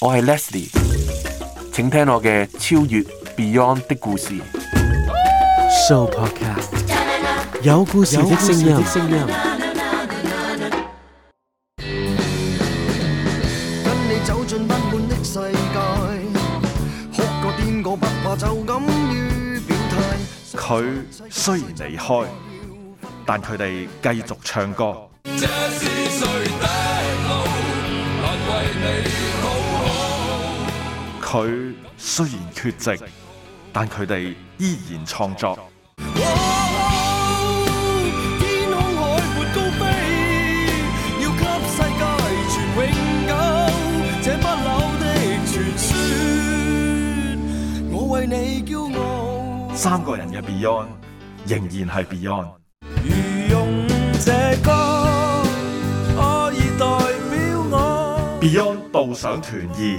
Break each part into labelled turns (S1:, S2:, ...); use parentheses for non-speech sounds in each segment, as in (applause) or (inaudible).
S1: 我係 Leslie，請聽我嘅超越 Beyond 的故事。
S2: So podcast 有故事的聲音。跟你走進不滿的世界，哭過癲過不怕，就
S3: 敢於表態。
S4: 佢雖然離開，但佢哋繼續唱歌。佢雖然缺席，但佢哋依然創
S3: 作。三個人
S2: 嘅 Beyond
S4: 仍然係、啊、Beyond。Beyond 到首團義。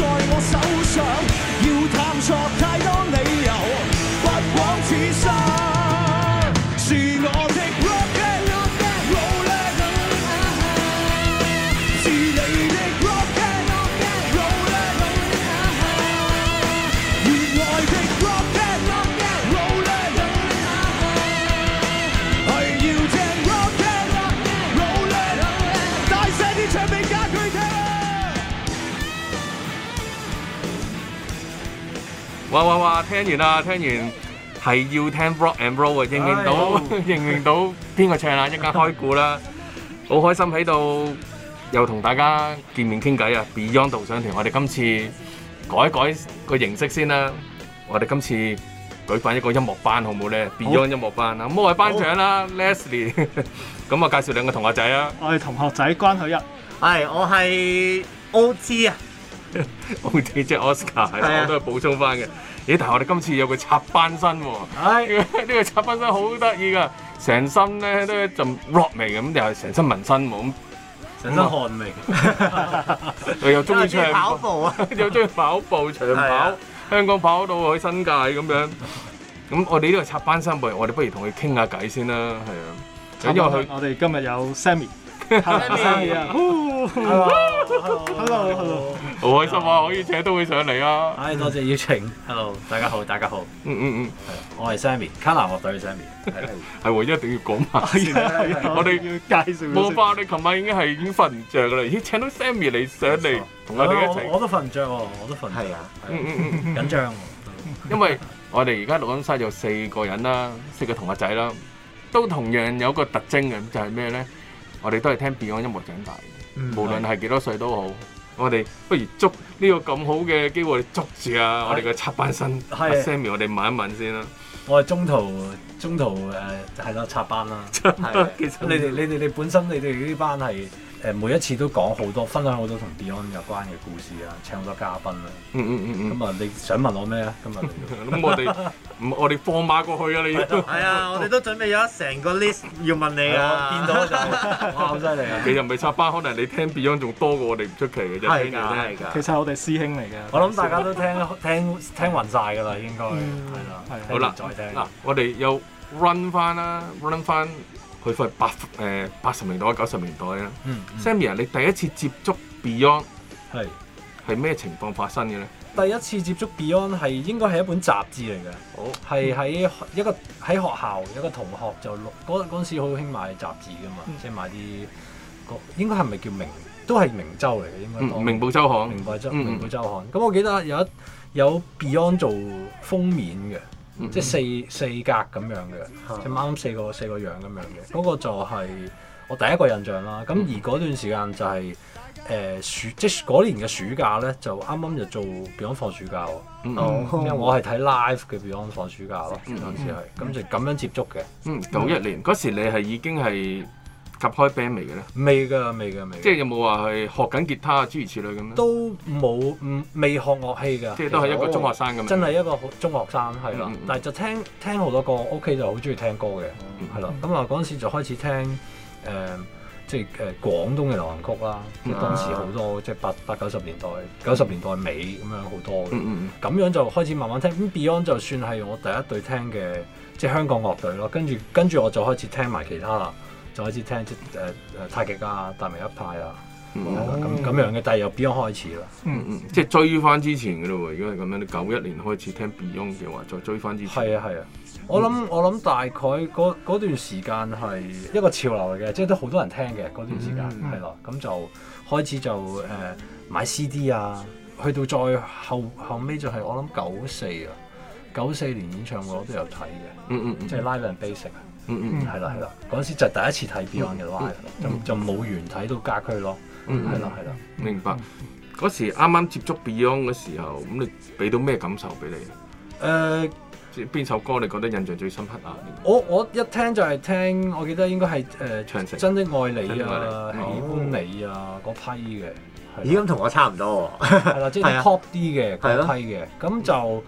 S2: 在我手上，要
S5: 探索太多理由，不枉此生。
S1: 哇哇哇！聽完啦，聽完係要聽 Rock and Roll 啊，認唔認到？認唔認到邊個唱啊？一家開估啦，好開心喺度，又同大家見面傾偈啊！Beyond 導賞團，我哋今次改一改個形式先啦，我哋今次舉辦一個音樂班好唔好咧？Beyond 音樂班啦，咁我係班長啦，Leslie，咁啊介紹兩個同學仔啊，
S4: 我係同學仔關許一，
S6: 係我係 OG 啊。
S1: O.K. 即 Oscar，我都係補充翻嘅。咦，但係我哋今次有個插班生喎，
S6: 哦。係，哎，呢 (laughs) 個插班生好得意噶，
S1: 成身咧都一陣 rock 味咁，又係成身紋身冇咁成身汗味。 (laughs) 又又中意唱，啊，中 (laughs) 跑步，又中意跑步長跑，啊，香港跑到去新界咁樣。咁我哋呢個插班生，不如我哋不如同佢傾下偈
S4: 先啦，係啊。因為班 (laughs) 我哋今日有 Sammy。
S7: Sammy
S8: 啊！Hello，Hello，
S4: 好開心啊！可以請到佢上嚟啊！唉，多謝邀
S8: 請。Hello，大家好，大家好。嗯嗯嗯，係，我係 Sammy，卡納樂隊 Sammy，
S4: 係
S1: 啦，係，一定要講埋。我哋要介紹。我話你琴晚已經係已經瞓唔着噶啦，而請到 Sammy 嚟上嚟同我哋一齊。我我
S8: 我都瞓唔着喎，我都瞓。係啊，嗯嗯嗯，
S2: 緊
S1: 張。因為我哋而家錄音室有四個人啦，四個同學仔啦，都同樣有個特徵嘅，就係咩咧？我哋都係聽 Beyond 音樂長大嘅，嗯、
S2: 無
S1: 論係幾多歲都好。是的 我哋不如捉呢個咁好嘅機會，捉住啊！我哋個
S8: 插班生，Sammy，
S1: 我哋問一問先啦。
S8: 我係中途，中途誒係喇，插班啦。其實你哋你哋你，你本身你哋呢班係。誒每一次都講好多，分享好多同 Beyond 有關嘅故事啊，請好多嘉賓啊。嗯嗯嗯嗯。咁啊，你想問我咩咧？今日咁我
S1: 哋，我哋放馬過去啊！你都係啊！我哋都準備咗
S6: 成個 list 要問你啊！見到就哇咁犀
S8: 利
S4: 啊！你
S1: 又未插班，可能你聽 Beyond 仲多過我哋，唔出奇嘅啫。係㗎，係㗎。其實
S4: 我哋師兄嚟嘅，我諗
S6: 大家都聽聽
S8: 聽暈曬㗎啦，應該
S1: 係啦。係。好啦，再聽嗱，我哋又 run 翻啦，run 翻。佢喺八誒八十年代九十年代啦。Sammy 啊、嗯，嗯、Samuel，你第一次接觸
S8: Beyond 係係咩情況發生嘅咧？第一次接觸 Beyond 係應該係一本雜誌嚟嘅，係喺好一個喺、嗯、學校有個同學就嗰嗰陣時好興買雜誌㗎嘛，即係、嗯、買啲個應該係咪叫明都係明周嚟嘅，應該係係明報週刊。明報周刊。咁我記得有一有 Beyond 做封面嘅。Mm hmm. 即係四四格咁樣嘅，即係啱啱四個四個樣咁樣嘅，嗰、那個就係我第一個印象啦。咁而嗰段時間就係、是、誒、呃、暑，即係嗰年嘅暑假咧，就啱啱就做 Beyond 放暑假，mm hmm. 因為我係睇 live 嘅 Beyond 放暑假咯，嗰陣時係，咁就咁樣接觸嘅。Mm hmm. 嗯，九
S1: 一年嗰時你係已經係。及開 band 嚟嘅咧？未㗎，未㗎，未。即係有冇話係學緊吉他諸如此類咁咧？都冇，
S8: 唔未學樂器㗎。即係都係一個中學生咁樣。真係一個中學生係啦。但係就聽聽好多個 o k 就好中意聽歌嘅，係啦。咁啊嗰陣時就開始聽誒，即係誒廣東嘅流行曲啦。即係當時好多即係八八九十年代、九十年代尾咁樣好多。嗯咁樣就開始慢慢聽，Beyond 就算係我第一隊聽嘅，即係香港樂隊咯。跟住跟住我就開始聽埋其他啦。再開始聽即係誒誒太極啊、達明一派啊，
S1: 咁咁、嗯啊、樣嘅，但係又 Beyond 開始啦？嗯嗯，即係追翻之前嘅咯喎，如果係咁樣，九一年
S8: 開始聽 Beyond 嘅話，再追翻之前。係啊係啊，啊嗯、我諗我諗大概嗰段時間係一個潮流嚟嘅，即係都好多人聽嘅嗰段時間係咯，咁、嗯嗯啊、就開始就誒、呃、買 CD 啊，去到再後後尾就係、是、我諗九四啊，九四年演唱會我都有睇嘅，即係 Live and Basic 啊。嗯嗯嗯嗯，係啦係啦，嗰時就第一次睇 Beyond 嘅話，就就冇完睇到家居咯，係啦係啦。
S1: 明白。嗰時啱啱接觸 Beyond 嘅時候，咁你俾到咩感受俾你？誒，邊首歌你覺得印象最深刻啊？
S8: 我我一聽就係聽，我記得應該係誒長城。真的愛你啊，喜歡你啊，嗰批嘅。咦咁同我差唔多喎。係啦，即係 top 啲嘅嗰批嘅，咁就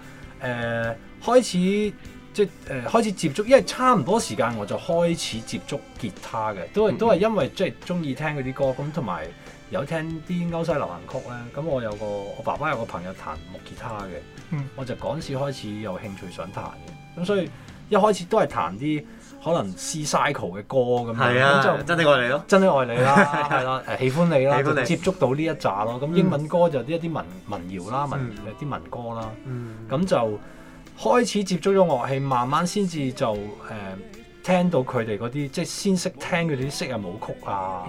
S8: 誒開始。即係誒、呃、開始接觸，因為差唔多時間我就開始接觸吉他嘅，都係都係因為即係中意聽嗰啲歌，咁同埋有聽啲歐西流行曲咧，咁我有個我爸爸有個朋友彈木吉他嘅，我就嗰時開始有興趣想彈嘅，咁所以一開始都係彈啲可能、C、cycle 嘅歌咁樣，咁就真的愛你咯，真的愛你啦，係啦，
S6: 喜歡你啦，就接
S8: 觸到呢一紮咯，咁英文歌就一啲民民謠啦，民誒啲民歌啦，咁 (laughs) 就。開始接觸咗樂器，慢慢先至就誒、呃、聽到佢哋嗰啲，即係先識聽佢哋啲西亞舞曲啊。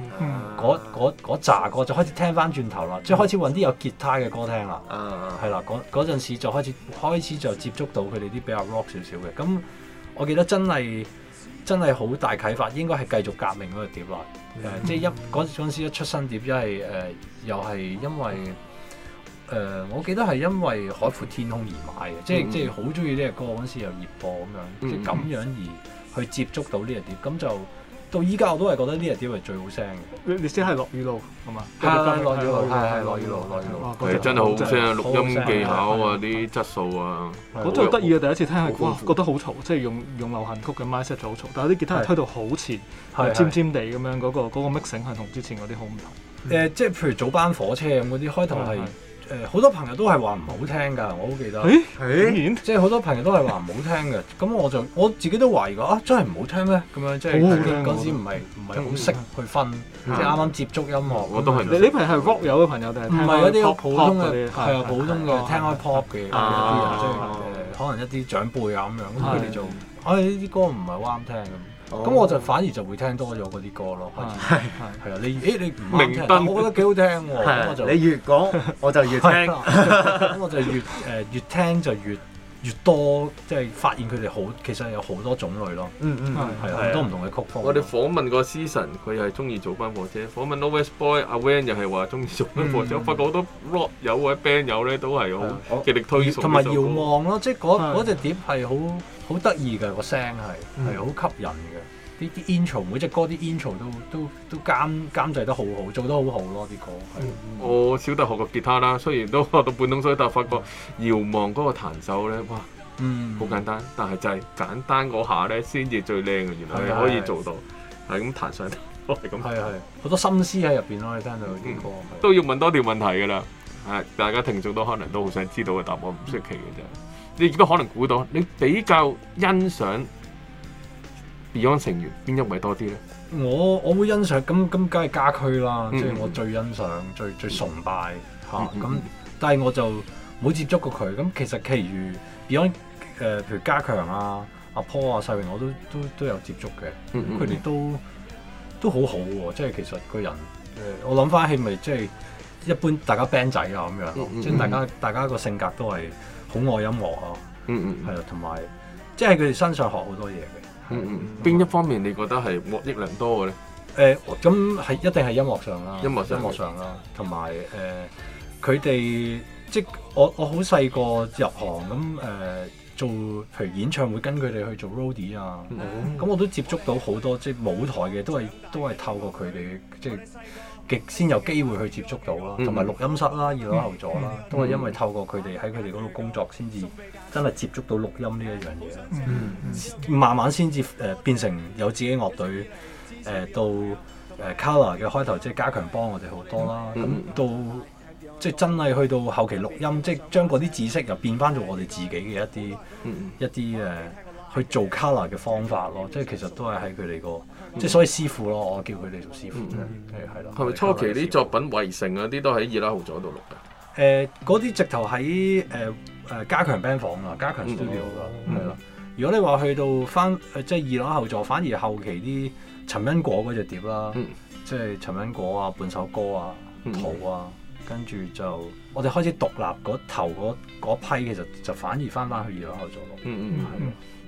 S8: 嗰嗰扎個就開始聽翻轉頭啦，即係、嗯、開始揾啲有吉他嘅歌聽、嗯嗯、啦。係啦，嗰嗰陣時就開始開始就接觸到佢哋啲比較 rock 少少嘅。咁我記得真係真係好大啟發，應該係《繼續革命》嗰個碟啦。誒、嗯呃，即係一嗰陣時一出新碟，因為誒又係、呃、因為。誒，我記得係因為《海闊天空》而買嘅，即係即係好中意呢隻歌嗰陣時又熱播咁樣，即係咁樣而去接觸到呢隻碟，咁就到依家我都係覺得呢隻碟係最好聲
S4: 嘅。你先係落雨路，係嘛？係係落雨路，係落雨路，落雨路。係真係好聲啊！錄音技巧啊，
S1: 啲質素
S8: 啊。
S4: 我最得意嘅第一次聽係哇，覺得好嘈，即係用用流行曲嘅 mic 好嘈，但係啲吉他推到好前，尖尖地咁樣，嗰個嗰個 mixing 係同之前嗰啲好唔同。
S8: 誒，即係譬如早班火車咁嗰啲，開頭係。好多朋友都係話唔好聽㗎，我好記得。即係好多朋友都係話唔好聽嘅，咁我就我自己都懷疑過啊，真係唔好聽咩？咁樣即係嗰時唔係唔係好識去分，即係啱啱接觸音樂。我都係。你朋友，係 rock 友嘅朋友定係唔係一啲普通嘅？係啊，普通嘅聽開 pop 嘅，可能一啲長輩啊咁樣，咁佢哋就啊呢啲歌唔係好啱聽咁。咁我就反而就會聽多咗嗰啲歌咯，係係係啊！你誒你唔明，但我覺得幾好聽喎，你越講我就越聽，咁我就越誒越聽就越越多即係發現佢哋好，其實有好多種類咯。嗯嗯，係、嗯、好是的多唔同嘅曲風的。我哋
S1: 訪問個詩神，佢係中意做翻貨車。訪問 Nowhere Boys 阿 Van 又係話中意做翻貨車。嗯、我發覺好多 rock 有位 band 友咧都係好極力推崇、嗯。同、嗯、埋遙
S8: 望咯，即係嗰隻碟係好好得意嘅，個聲係係好吸引嘅。啲啲 intro 每隻歌啲 intro 都都都監監製得好好，做得好好咯啲歌。
S1: 我小弟學過吉他啦，雖然都學到半桶水，但係發覺遙望嗰個彈手咧，哇，好簡單，但係就係簡單嗰下咧先至最靚嘅，原來係可以做到係咁彈上
S8: 嚟咁。係啊係，好多心思喺入邊咯，你聽到啲歌
S1: 都要問多條問題㗎啦。係，大家聽眾都可能都好想知道嘅答案，唔出奇嘅啫。你亦都可能估到，你比較欣賞。Beyond 成員邊一位多啲咧？
S8: 我我會欣賞咁，咁，梗係家驅啦，即係我最欣賞、最最崇拜嚇咁。但係我就冇接觸過佢。咁其實其餘 Beyond 誒，譬如家強啊、阿 Paul 啊、世榮，我都都都有接觸嘅。佢哋都都好好喎，即係其實個人誒，我諗翻起咪即係一般大家 band 仔啊咁樣，即係大家大家個性格都係好愛音樂啊，嗯嗯，係啊，同埋即係佢哋身上學好多嘢嘅。嗯嗯，邊一方面你覺得係獲益良多嘅咧？誒、呃，咁係一定係音樂上啦，音樂音樂上啦，同埋誒佢哋即係我我好細個入行咁誒、呃、做，譬如演唱會跟佢哋去做 roadie 啊，咁、嗯嗯、我都接觸到好多即係舞台嘅，都係都係透過佢哋即係極先有機會去接觸到啦，同埋錄音室啦、二樓、嗯、後座啦，嗯嗯、都係因為透過佢哋喺佢哋嗰度工作先至。真係接觸到錄音呢一樣嘢啦，嗯嗯、慢慢先至誒變成有自己樂隊誒、呃、到誒、呃、c o l o r 嘅開頭，即係加強幫我哋好多啦。咁、嗯、到即係真係去到後期錄音，即係將嗰啲知識又變翻做我哋自己嘅一啲、嗯、一啲誒、呃、去做 c o l o r 嘅方法咯。即係其實都係喺佢哋個即係所以師傅咯，我叫佢哋做師傅係咯。係咪、嗯、初期啲
S1: 作品圍城啊啲都喺二拉號左度錄嘅？
S8: 誒嗰啲直頭喺誒。呃呃誒加強 band 房啦，加強 studio 啦，係啦。如果你話去到翻即係二樓後座，反而後期啲陳恩果嗰隻碟啦，即係陳恩果啊、半首歌啊、圖啊，跟住就我哋開始獨立嗰頭嗰批，其實就反
S4: 而翻返去二樓後座咯。嗯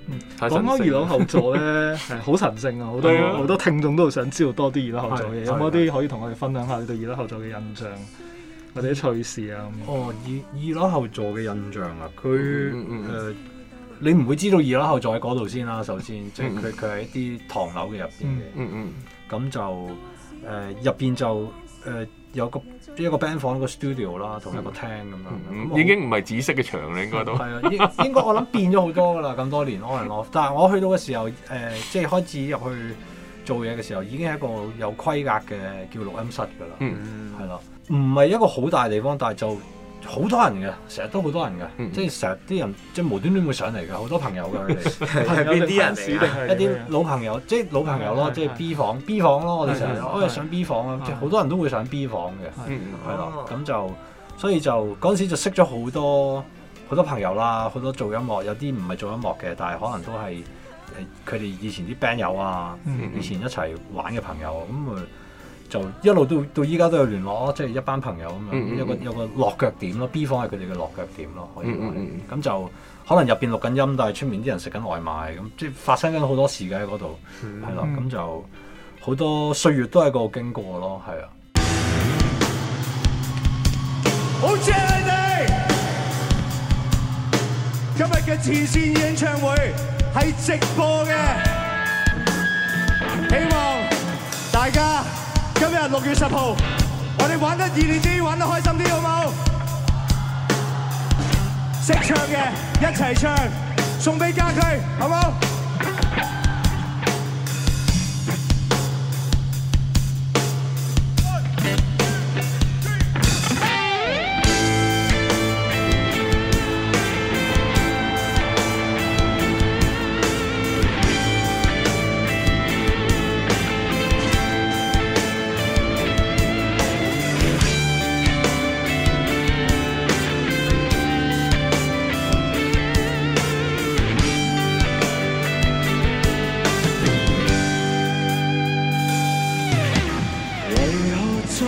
S4: 嗯，講開二樓後座咧，係好神聖啊！好多好多聽眾都想知道多啲二樓後座嘅嘢。有冇啲可以同我哋分享下你對二樓後座嘅印象？或者趣事啊？哦，二二樓後座嘅印象啊，佢誒
S8: 你唔會知道二樓後座喺嗰度先啦。首先，即係佢佢係一啲唐樓嘅入邊嘅。嗯嗯。咁就誒入邊就誒有個一個 band 房一個 studio 啦，同一個廳咁樣。已經
S1: 唔係紫色嘅牆你應該都係啊。
S8: 應應該我諗變咗好多㗎喇，咁多年。I love，但係我去到嘅時候誒，即係開始入去。做嘢嘅時候已經係一個有規格嘅叫錄音室㗎啦，係啦，唔係一個好大地方，但係就好多人嘅，成日都好多人嘅，即係成日啲人即係無端端會上嚟嘅，好多朋友㗎，佢哋係邊啲人定係一啲老朋友，即係老朋友咯，即係 B 房 B 房咯，我哋成日我哋上 B 房啊，好多人都會上 B 房嘅，係啦，咁就所以就嗰陣時就識咗好多好多朋友啦，好多做音樂有啲唔係做音樂嘅，但係可能都係。佢哋以前啲 band 友啊，嗯嗯以前一齊玩嘅朋友，咁啊就一路到到依家都有聯絡咯，即、就、係、是、一班朋友咁，嗯嗯嗯有個有個落腳點咯。B 方係佢哋嘅落腳點咯，可以咁、嗯嗯、就可能入邊錄緊音，但係出面啲人食緊外賣咁，即係發生緊好多事喺嗰度，
S7: 係啦、嗯嗯，咁、
S8: 啊、就好多歲月都喺嗰度經過咯，係啊。嗯、
S5: 好正！你哋今日嘅慈善演唱會，係直播嘅，希望大家今日六月十號，我哋玩得熱烈啲，玩得開心啲，好冇？識唱嘅一齊唱，送俾家駒，好冇？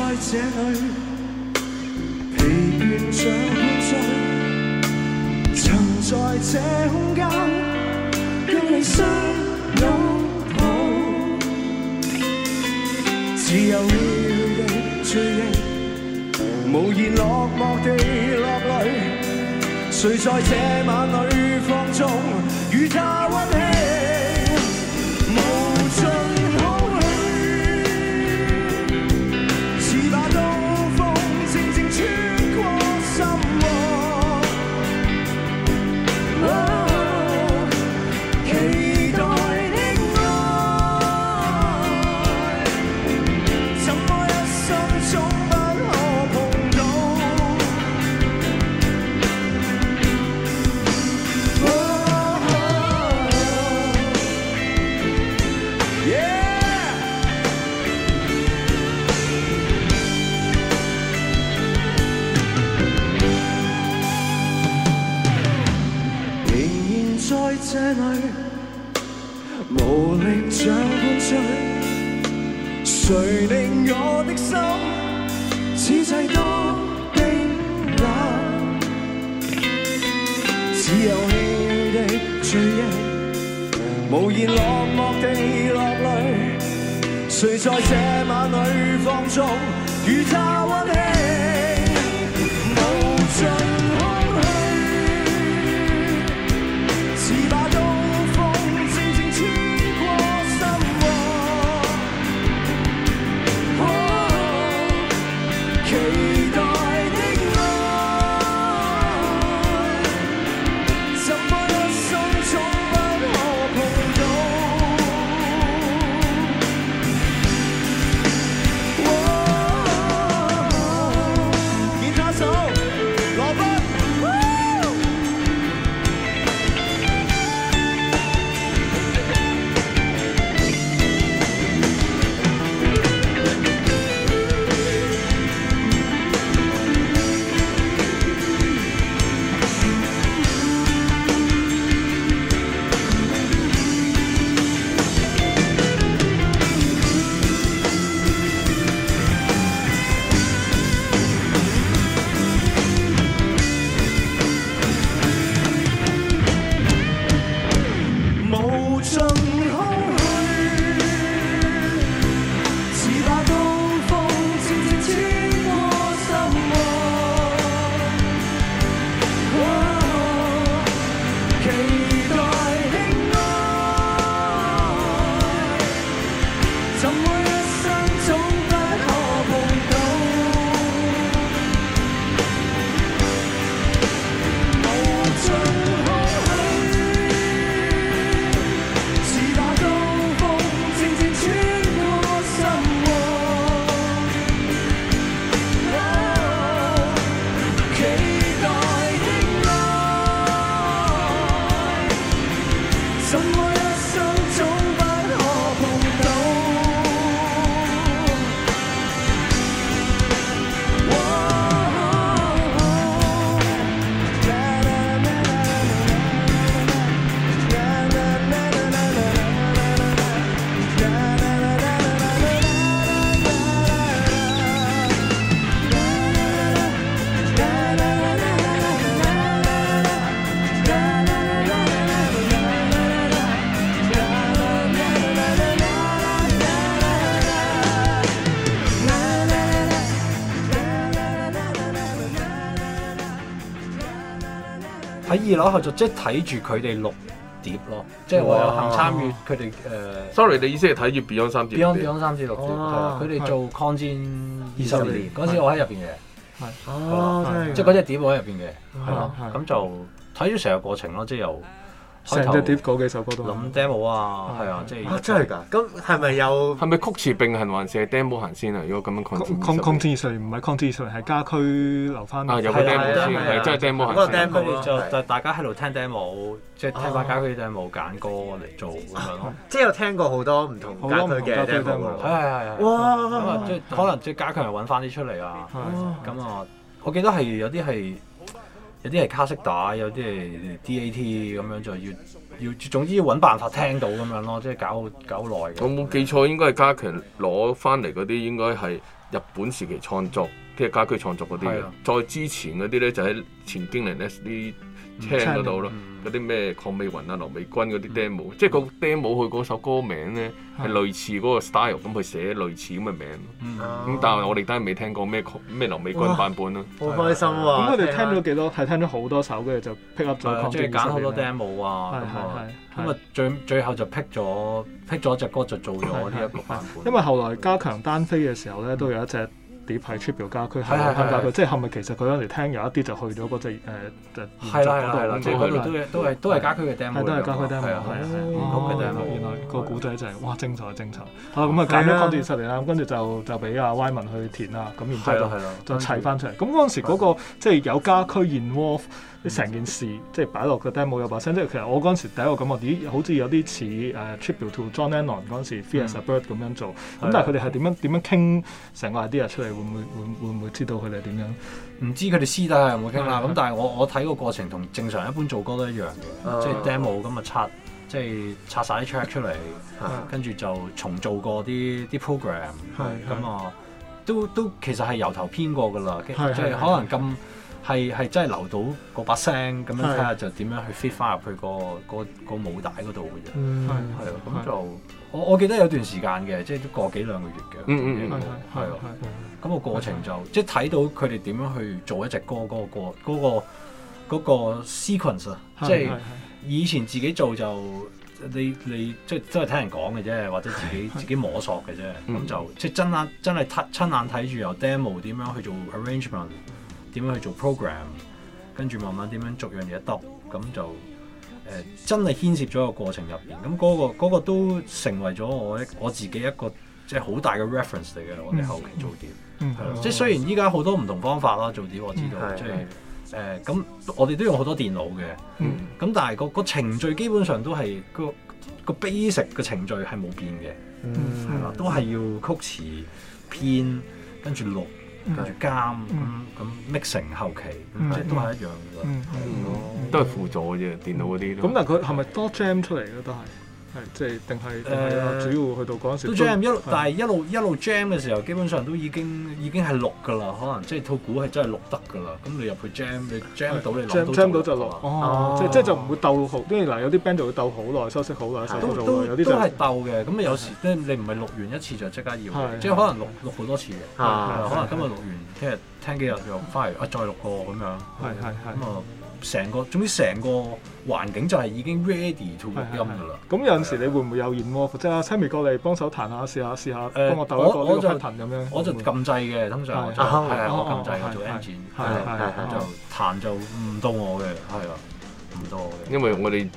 S2: 在這裏疲倦像半醉，曾在這空間跟你相擁抱，自由了的追憶，無言落寞地落淚，誰在這晚裏放縱與他温馨？誰令我的心此際多冰冷？只有遊戲的追憶，無言落寞地落淚。誰在這晚裏放縱？
S8: 二樓後就即係睇住佢哋錄碟咯，即係我有幸參與佢哋誒。Sorry，你意思係
S1: 睇住 Beyond 三碟？Beyond Beyond
S8: 三碟六碟，係佢哋做抗戰二十年嗰時，我喺入邊嘅，係啊，
S2: 真係，即係嗰隻碟
S8: 我喺入邊嘅，係咯，咁就睇咗成個過程咯，即係又。
S2: 成隻碟
S4: 嗰幾首歌都
S8: 諗 demo 啊，係啊，即係啊，真係㗎？咁
S1: 係咪有係咪曲詞並行，還是係 demo 行先啊？如果咁樣控制，control
S4: session 唔係 control session 係加區留翻啊，有個
S6: demo 先嘅，即係 demo 行先。咁 demo
S8: 就大家喺度聽 demo，即係聽翻家區 demo 揀歌嚟做咁樣咯。即係有聽過好多唔同加區嘅 demo 哇！即係可能即係加強，係揾翻啲出嚟啊。咁啊，我記得係有啲係。有啲係卡式帶，有啲係 DAT 咁樣，就要要總之要揾辦法聽到咁樣咯，即係搞搞好耐。我冇
S1: 記錯吧，應該係家強攞翻嚟嗰啲，應該係日本時期創作，即係家居創作嗰啲、啊、再之前嗰啲咧，就喺前經年 SD 聽得到咯。嗰啲咩鄺美雲啊、劉美君嗰啲 demo，即係個 demo 佢嗰首歌名咧係類似嗰個 style 咁佢寫，類似咁嘅名。
S6: 咁但
S1: 係我哋都係未聽過咩咩劉美君版本啦。好
S6: 開心啊！咁我哋聽
S4: 咗幾多？係聽咗好多首，跟住就 pick up 咗，即係揀
S8: 好多 d demo 啊。咁啊，咁
S4: 啊最最後就 pick 咗 pick 咗一隻歌就做咗呢一個版本。因為後來加強單飛嘅時候咧，都有一隻。啲派出邊個家區？係邊家區？即係係咪其實佢嗰陣嚟聽有一啲就去咗嗰隻誒建築嗰度？即係佢哋都係都係都係家區嘅訂位。係都係家區訂位啊！係啊係啊，原來原來個古仔就係哇，精彩精彩。咁啊，揀咗鋼鐵俠嚟啦，咁跟住就就俾阿 Y 文去填啦。咁然之後就砌翻出嚟。咁嗰陣時嗰個即係有家區燕窩。成件事即係擺落個 demo 有把聲，即係其實我嗰陣時第一個感覺，咦，好似有啲似誒《Tribute to John Lennon》嗰陣時《Free as a Bird》咁樣做，咁但係佢哋係點樣點樣傾成個 idea 出嚟？會唔會會會唔會知道佢哋點樣？唔知佢哋私底下有冇傾啦。咁但係我我睇個過程同正常一般做歌都一
S8: 樣嘅，即係 demo 咁啊，拆，即係拆晒啲 track 出嚟，跟住就重做過啲啲 program，咁啊都都其實係由頭編過㗎啦，即係可能咁。係係真係留到嗰把聲咁樣睇下，就點樣去 fit 翻入去個個舞帶嗰度嘅啫。係啊，咁就我我記得有段時間嘅，即係都過幾兩個月嘅。嗯啊。咁個過程就即係睇到佢哋點樣去做一隻歌嗰個嗰個 sequence 啊。即
S2: 係
S8: 以前自己做就你你即係真係聽人講嘅啫，或者自己自己摸索嘅啫。咁就即係真眼真係親眼睇住由 demo 點樣去做 arrangement。點樣去做 program？跟住慢慢點樣逐樣嘢篤，咁就誒、呃、真係牽涉咗個過程入邊。咁嗰、嗰個嗰個都成為咗我一我自己一個即係好大嘅 reference 嚟嘅。我哋後期
S7: 做碟，係、mm hmm. 即係
S8: 雖然依家好多唔同方法啦，做碟我知道，mm hmm. 即係誒咁我哋都用好多電腦嘅。咁、mm hmm. 但係個個程序基本上都係、嗰個、嗰個 basic 嘅程序係冇變嘅，係咯、mm hmm.，都係要曲詞編跟住錄。對跟住監咁，咁 mix 後期，即係、嗯、都係一樣嘅，都係輔助嘅啫，電腦嗰啲。咁但係
S4: 佢係咪多 jam 出嚟咧？都係。係，即係定係定係主要去
S8: 到嗰陣時都 jam 一，但係一路一路 jam 嘅時候，基本上都已經已經係錄㗎啦。可能即係
S4: 套鼓係真係錄得㗎啦。咁你入去 jam，你 jam 到你 j jam 到就錄哦。即即就唔會鬥好，跟住嗱有啲 band 就會鬥好耐，休息好耐先做到。都都都係鬥嘅。咁有時即
S8: 係你唔係錄完一次就即刻要，即係可能錄錄好多次嘅。可能今日錄完聽日聽幾日就翻嚟啊，再錄過咁樣。係係咁啊。成個總之成個環境就係已經 ready to 錄音噶啦。咁
S4: 有陣時你會唔會有燕窩即係 Sammy 過嚟幫手彈下試下試下，幫我逗一過呢 pattern 咁樣？我就撳掣嘅通常，係係我撳
S8: 掣嘅做 engine，係就彈就唔到我嘅，係啊唔到我嘅。因為
S1: 我哋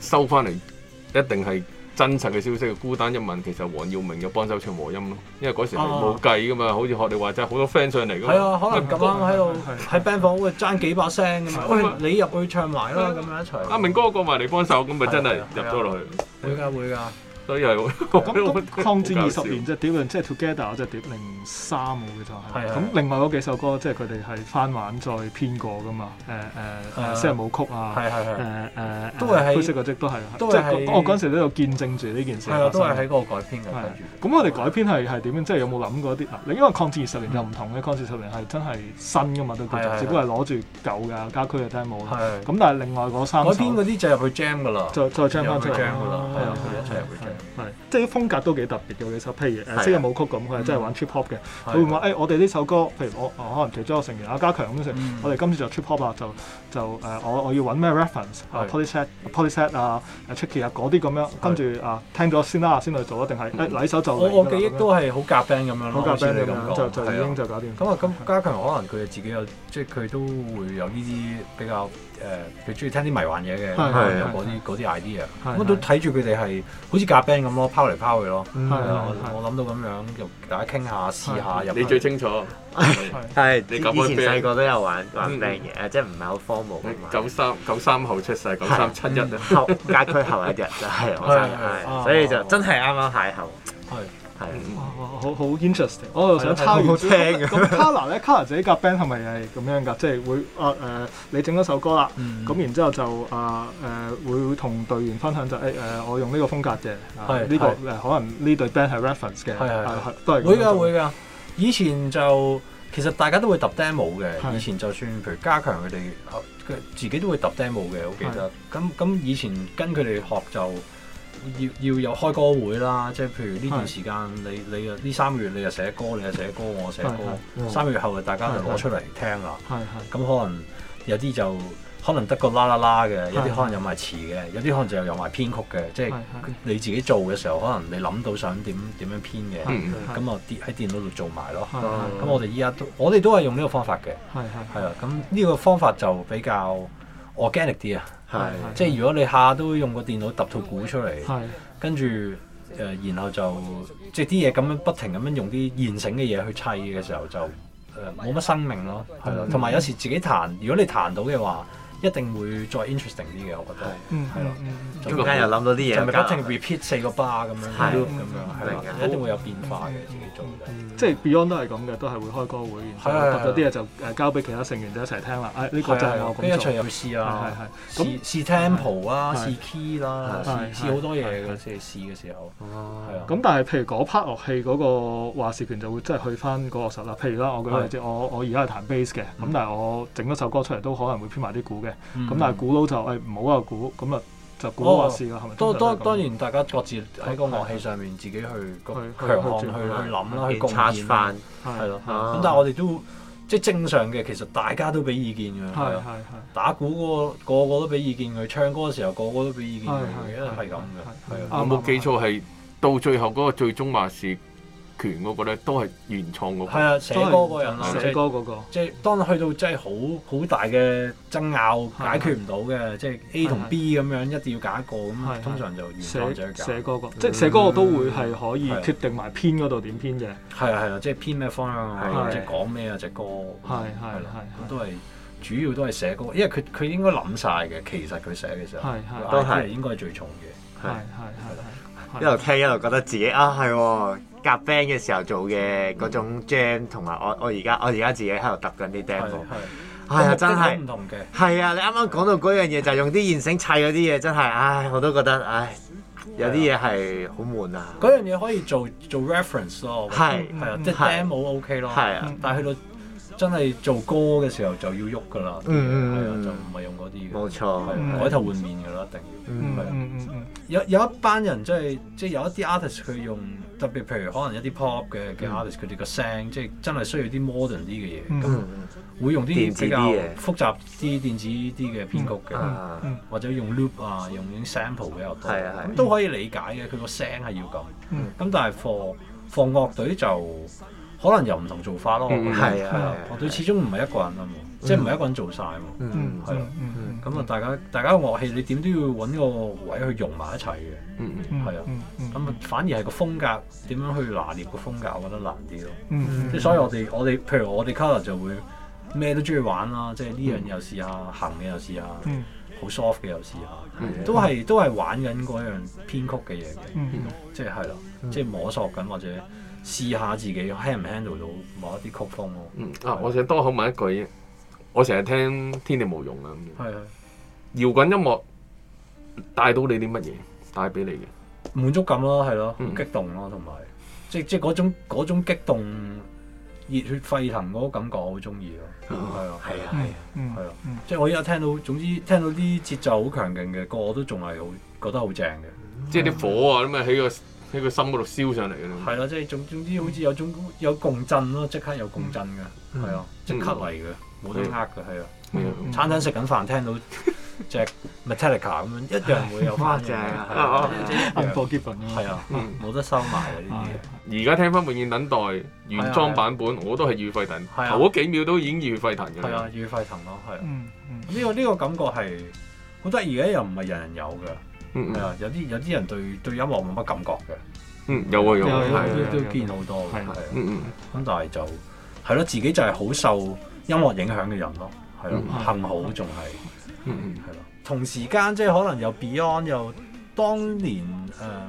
S1: 收翻嚟一定係。真實嘅消息，孤單一問，其實黃耀明有幫手唱和音咯，因為嗰時係冇計噶嘛，啊、好似學你話齋係好多 friend 上嚟咁，係啊，可能咁、啊、樣
S8: 喺度喺 band 房爭幾把聲噶嘛，你入去唱埋啦，咁、啊、樣一
S1: 齊。阿、啊、明哥過埋嚟幫手，咁咪真係入咗落去。啊
S8: 啊
S4: 啊啊、會㗎，會㗎。所以係咁，抗戰二十年即啫，屌你，即係 Together 嗰隻碟，零三冇錯係。咁另外嗰幾首歌，即係佢哋係翻玩再編過噶嘛？誒誒，一些舞曲啊，係係係。誒誒，都係灰色嗰隻，都係。都係我嗰陣時都有見證住呢件事。都係喺嗰個改編嘅。咁我哋改編係係點樣？即係有冇諗過啲你因為抗戰二十年就唔同嘅，抗戰十年係真係新噶嘛？都叫做只不過係攞住舊嘅家駒嘅 demo。係咁，但係另外嗰三改編嗰啲就入去 Jam 噶啦，再再 Jam 翻 Jam 噶啦，係啊，佢一係，即係啲風格都幾特別嘅其實，譬如誒西洋舞曲咁，佢係真係玩 trip hop 嘅。佢會話誒，我哋呢首歌，譬如我可能其中一個成員阿加強咁成，我哋今次就 trip hop 啦，就就誒，我我要揾咩 reference 啊 Poly Set、Poly Set 啊，Tricky 啊，嗰啲咁樣，跟住啊聽咗先啦，先去做定嗱，呢首就我記憶都係好夾 band 咁樣咯，就就已經就搞掂。
S8: 咁啊，咁加強可能佢自己有，即係佢都會有呢啲比較。誒，佢中意聽啲迷幻嘢嘅，有嗰啲啲 idea，我都睇住佢哋係好似夾 band 咁咯，拋嚟拋去咯。我我諗到咁樣，就大家傾下試下入。你最清楚，係。以
S1: 前細個都有玩玩 band
S6: 嘢，即係唔係好荒謬。九三九三號出世，九三七日後，階區後一日就係我生日，所以就真係啱啱邂逅。
S4: 係好好 interesting！我又想抄完聽咁。color 咧 color 自己夾 band 係咪係咁樣噶？即係會啊誒，你整咗首歌啦，咁然之後就啊誒會同隊員分享，就誒誒我用呢個風格嘅，呢個誒可能呢對 band 係 reference 嘅，
S8: 係係都係會㗎會
S4: 㗎。以前就其實大家都會揼
S8: demo 嘅，以前就算譬如加強佢哋，佢自己都會揼 demo 嘅。我記得咁咁，以前跟佢哋學就。要要有開歌會啦，即係譬如呢段時間，你你啊呢三個月你就寫歌，你就寫歌，我寫歌，三個月後啊大家就攞出嚟聽啦。咁可能有啲就可能得個啦啦啦嘅，有啲可能有埋詞嘅，有啲可能就有埋編曲嘅，即係你自己做嘅時候，可能你諗到想點點樣編嘅，咁啊喺電腦度做埋咯。咁我哋依家都我哋都係用呢個方法嘅。係啊，咁呢個方法就比較 organic 啲啊。係，對對即係如果你下下都會用個電腦揼套鼓出嚟，對跟住誒、呃，然後就即係啲嘢咁樣不停咁樣用啲現成嘅嘢去砌嘅時候就，就誒冇乜生命咯，係咯，同埋有，有時自己彈，如果你彈到嘅話。一定會再 interesting 啲嘅，我覺得。係，係咯。中間又諗到啲嘢。就咪反正 repeat 四個 bar 咁樣咁樣係啦。
S4: 一定會有變化嘅自己做，嗯，即係 Beyond 都係咁嘅，都係會開歌會，然後揼咗啲嘢就交俾其他成員就一齊聽啦。呢個就係我咁做。一場入去試咁試 tempo 啦，試 key 啦，試好多嘢嘅，試嘅時候。哦。咁但係譬如嗰 part 樂器嗰個話事權就會即係去翻個樂實啦。譬如啦，我舉例子，我我而家係彈 bass 嘅，咁但係我整咗首歌出嚟都可能會編埋啲鼓嘅。咁但係鼓老就，誒、唔好啊，鼓。咁啊，就鼓話事咯，係咪？都都，
S8: 當然，大家各自喺個樂器上面自己去強項，去去諗啦，去貢獻翻，係咯。咁但係我哋
S4: 都即係
S8: 正常嘅，其實大家都俾意見嘅。係係係，打鼓嗰個個個都俾意見佢，唱歌嘅時候個個都俾意見佢，係係嘅，係咁嘅。係冇
S1: 記錯係到最後嗰個最終話事權嗰個咧都係原創嗰個，啊，寫歌嗰人啊，寫歌嗰個，
S8: 即係當去到真係好好大嘅爭拗解決唔到嘅，即係 A 同 B 咁樣一定要揀一個咁，通常就原創者揀寫歌嗰個，即係寫歌個都會係可以決定埋編嗰度點編嘅，係啊係啊，即係編咩方向啊，即係講咩啊隻歌，係係咁都係主要都係寫歌，因為佢佢應該諗晒嘅，其實佢寫嘅時候都係應該係最重嘅，係係係，
S6: 一路聽一路覺得自己啊係喎。夾 band 嘅時候做嘅嗰種 jam，同埋我我而家我而家自己喺度揼緊啲 demo，係啊真係，唔同嘅係啊你啱啱講到嗰樣嘢就用啲現成砌嗰啲嘢，真係，唉我都覺得唉有啲嘢係好悶啊。嗰樣嘢可以做做 reference 咯，我覺得係係啊，即係 demo 好 OK 咯，係啊，但係去到。真係
S8: 做歌嘅時候就要喐噶啦，係啊，就唔係用嗰啲嘅，冇錯，改頭換面噶啦，一定要。嗯，有有一班人即係即係有一啲 artist 佢用，特別譬如可能一啲 pop 嘅嘅 artist 佢哋個聲即係真係需要啲 modern 啲嘅嘢，咁會用啲比較複雜啲電子啲嘅編曲嘅，或者用 loop 啊，用啲 sample 比較多，咁都可以理解嘅。佢個聲係要咁，咁但係 for for 樂隊就。可能又唔同做法咯，係啊，我哋始終唔係一個人啊，即係唔係一個人做晒喎，係咯，咁啊大家大家樂器你點都要揾個位去融埋一齊嘅，係啊，咁啊反而係個風格點樣去拿捏個風格，我覺得難啲咯，即係所以我哋我哋譬如我哋 color 就會咩都中意玩啦，即係呢樣嘢又試下，行嘅又試下，好 soft 嘅又試下，都係都係玩緊嗰樣編曲嘅嘢嘅，即係係咯，即係摸索緊或者。試下自己聽唔聽到到某一啲曲風咯。啊，我想多口
S1: 問一句，我成日聽天地無用啊咁。係啊，搖滾音樂帶到你啲乜嘢？帶俾你嘅
S8: 滿足感咯，係咯，好激動咯，同埋即即嗰種嗰種激動、熱血沸騰嗰個感覺，我好中意咯。係啊，係啊，係啊，嗯，係啊，即我依家聽到，總之聽到啲節奏好強勁嘅，個個都仲係好覺得好正嘅，即啲火啊咁啊喺個。喺個心嗰度燒上嚟嘅，係咯，即係總總之，好似有種有共振咯，即刻有共振嘅，係啊，即刻嚟嘅，冇得呃嘅，係啊。餐餐食緊飯聽到隻 Metallica 咁樣一樣會有花樣嘅，係啊，即係同步結伴。係啊，冇得收埋嗰啲嘢。
S1: 而家聽翻《永遠等待》原裝版本，我都係語沸騰，後嗰幾秒都已經
S8: 語沸騰嘅。係啊，語沸騰咯，係啊。嗯嗯，呢個呢個感覺係好得意嘅，又唔係人人有嘅。嗯，係啊，有啲有啲人對對音樂冇乜感覺嘅，嗯、mm hmm. 有喎有喎，係都，都見好多嘅啊，嗯嗯，咁但係就係咯，自己就係好受音樂影響嘅人咯，係咯，mm hmm. 幸好仲係，嗯嗯係咯，同時間即係可能又 Beyond 又當年誒、呃，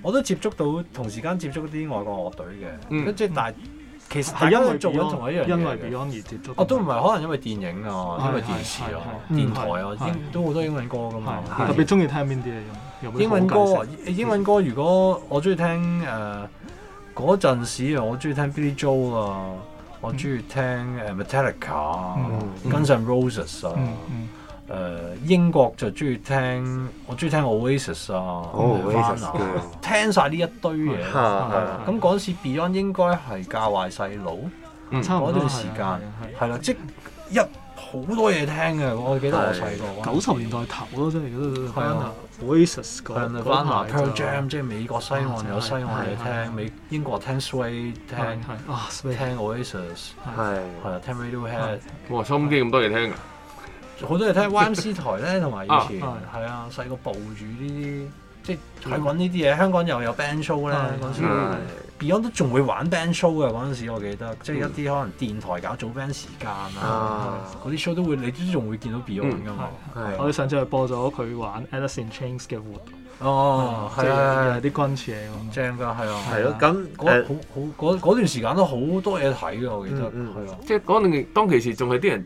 S8: 我都接觸到同時間接觸啲外國樂隊嘅，嗯、mm hmm. 即係大。Mm hmm. 其實係因為做緊同一樣嘢，因為 Beyond 而接觸。哦，都唔係，可能因為電影啊，因為電視啊，電台啊，都好多英文
S4: 歌噶嘛。特別中意聽邊啲啊？英文歌，
S8: 英文歌如果我中意聽誒，嗰陣時啊，我中意聽 Billy Joel 啊，我中意聽誒 Metallica 啊，Guns N' Roses 啊。誒英國就中意聽，我中意聽 Oasis 啊，Oasis，啊，聽晒呢一堆嘢。係咁嗰陣時 Beyond 應該係教壞細佬差唔多一段時間係啦，即一好多嘢聽嘅。我記得我細個九十年代頭咯，真係 Oasis、Beyond、Pearl Jam，即係美國西岸有西岸嚟聽，美英國聽 Sway，聽啊聽 Oasis，係係啊聽 Radiohead。
S1: 哇！收音機咁多嘢聽㗎～好多嘢睇 YMC
S8: 台咧，同埋以前係啊，細個報主呢啲，即係揾呢啲嘢。香港又有 band show 咧，嗰陣時 Beyond 都仲會玩 band show 嘅嗰陣時，我記得，即係一啲可能電台搞早 band 時間啊，嗰啲 show 都會，你都仲會見到 Beyond 㗎嘛。我哋上
S4: 次去播咗佢玩 Alice in Chains 嘅活動。哦，係啊，啲軍事嚟咁
S8: 正㗎，係啊，係啊。咁嗰好好段時間都好多嘢睇㗎，我記得，係即係嗰段
S1: 當其時仲係啲人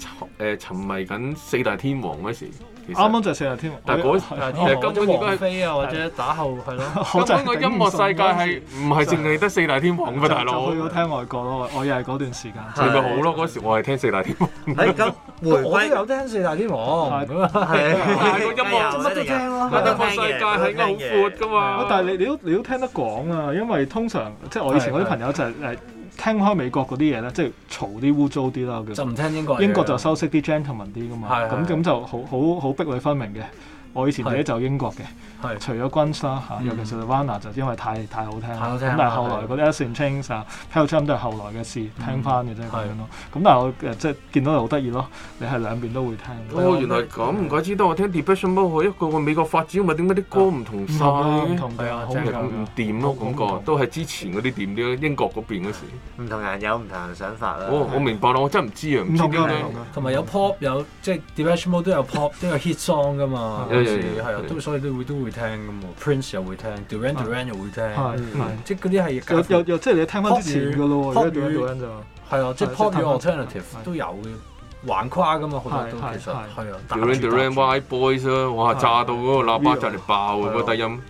S1: 誒沉迷緊四大天王嗰時，啱啱
S4: 就係四大天王，但係嗰
S1: 其實根本如果飛啊或者
S4: 打後係咯，根本個音樂世界係唔係淨係得
S1: 四大天王㗎，大佬，去到
S4: 聽外國咯，我又係嗰段時間，仲好
S1: 咯嗰時我係聽四大天
S4: 王，而家我都有聽四大天王，係啊，係個音
S7: 樂乜都聽咯，音樂世界係。
S4: 夠闊噶嘛？但係你你都你都聽得講啊，因為通常即係我以前嗰啲朋友就係、是、誒是聽開美國嗰啲嘢咧，即係嘈啲污糟啲啦。就唔、是、聽英國，英國就修飾啲的 gentleman 啲噶嘛。咁咁的就好好好壁壘分明嘅。我以前自己就英國嘅，除咗 Guns 啦尤其是 The Vanner 就因為太太好聽，咁但係後來嗰啲 Something Changes、Peltion 都係後來嘅事，聽翻嘅啫咁樣咯。咁但係我誒即係見到好得意咯，你係兩邊都會聽。哦，原來咁唔怪之得我聽 Depeche Mode，一個
S1: 我美國發展，咪點解啲歌唔同曬唔同係啊，即係唔掂咯，感覺都係之前嗰啲掂啲英國嗰邊嗰時。唔同人有唔同人想法啦。我明白啦，我真係唔知啊，唔知啊。同埋有
S8: Pop 有即係 Depeche Mode 都有 Pop 都有 Hit Song 噶嘛。有啊，都所以都會都會聽㗎嘛，Prince 又會聽，Duran Duran 又會聽，即係嗰啲係有即係、就是、你聽翻啲嘅咯，Duran Duran 就係、是、啊，對就即係 Pop 與 Alternative 都有嘅，橫跨㗎嘛好多都其實係啊
S4: ，Duran Duran
S1: White Boys 啊，哇炸到嗰個喇叭就嚟爆啊嗰個低音，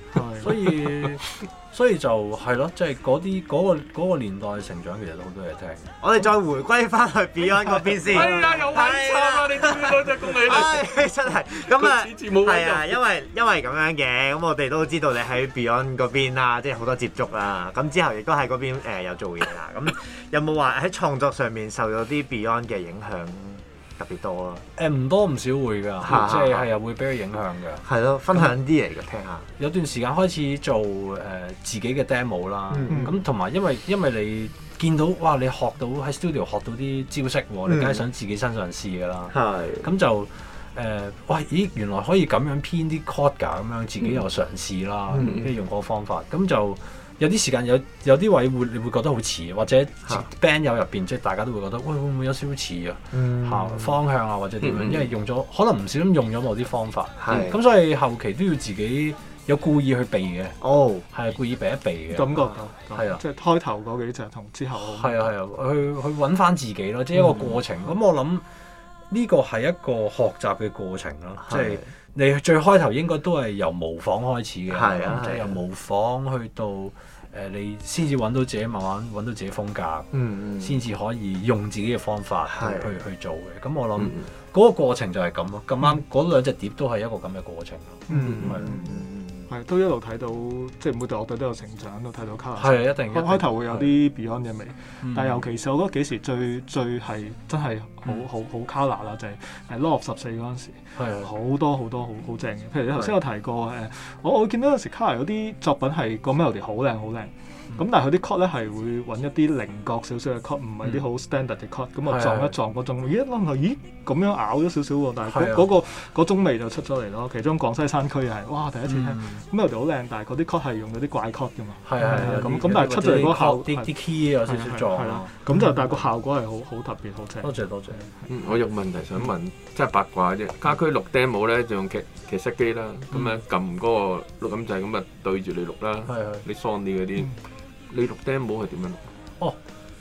S8: 所以。 (laughs) 所以就係咯，即係嗰啲嗰個年代成長，其實都好多嘢聽。我哋再回歸翻去 Beyond 嗰、哎、呀邊
S2: 先。哎，你 (laughs) 哎啊，有揾錯啦，你真真真真係咁啊，係啊，因
S6: 為因為咁樣嘅咁，我哋都知道你喺 Beyond 嗰邊啦，即係好多接觸啦、啊。咁之後亦都喺嗰邊、呃、有做嘢啦。咁有冇話喺創作上面受咗啲 Beyond 嘅影響？特
S8: 別多咯，誒唔、欸、多唔少會㗎，啊、即係係又
S6: 會俾佢影響㗎。係咯、
S8: 啊，那分享啲嚟嘅聽下。有段時間開始做誒、呃、自己嘅 demo 啦，咁同埋因為因為你見到哇，你學到喺 studio 學到啲招式喎、啊，你梗係想自己身上試㗎啦。係、嗯。咁就誒、呃，哇！咦，原來可以咁樣編啲 code 㗎，咁樣自己又嘗試啦，跟住、嗯嗯、用個方法，咁就。有啲時間有有啲位會你會覺得好似，或者 band 友入邊即係大家都會覺得，喂會唔會有少少似啊？嚇方向啊，或者點樣？因為用咗可能唔小心用咗某啲方法，咁所以後期都要自己有故意去避嘅。哦，係故意避一避嘅。感覺到係啊，即係開頭嗰幾隻同之後係啊係啊，去去揾翻自己咯，即係一個過程。咁我諗呢個係一個學習嘅過程咯，即係你最開頭應該都係由模仿開始嘅，即係由模仿去到。誒、呃，你先至揾到自己，慢慢揾到自己風格，嗯嗯，先、嗯、至可以用自己嘅方法去的去做嘅。咁我諗嗰個過程就係咁咯，咁啱嗰兩隻碟都係一個咁嘅過程咯，嗯
S4: 嗯。為係，都一路睇到，即係每隊樂隊都有成長，都睇到 Kolor。係啊，一定。開開頭會有啲 Beyond 嘅味，的但係尤其是我覺得幾時最最係真係好的好好 Kolor 啦啦，就係、是、係 Love 十四嗰陣時的好，好多好多好好正嘅。譬如你頭先有提過誒，的我我見到有時 Kolor 有啲作品係個 melody 好靚好靚。咁但係佢啲曲 u 咧係會揾一啲靈覺少少嘅曲，唔係啲好 standard 嘅曲。咁啊撞一撞嗰種，咦咦咁樣咬咗少少喎，但係嗰個嗰種味就出咗嚟咯。其中廣西山區係哇，第一次聽，咁又好靚，但係嗰啲曲 u 係用咗啲怪曲 u 嘛。係係咁，咁但係出咗嚟嗰個效啲 key 有少少撞咯。咁就但係個效果係好好特別，好聽。多謝多謝。我有問題想
S1: 問，即係八卦啫。家居錄釘舞咧就用劇劇色機啦，咁樣撳嗰個錄音掣，咁啊對住你錄啦，你 Sony 嗰啲。你
S8: 錄 demo 係點樣錄？哦，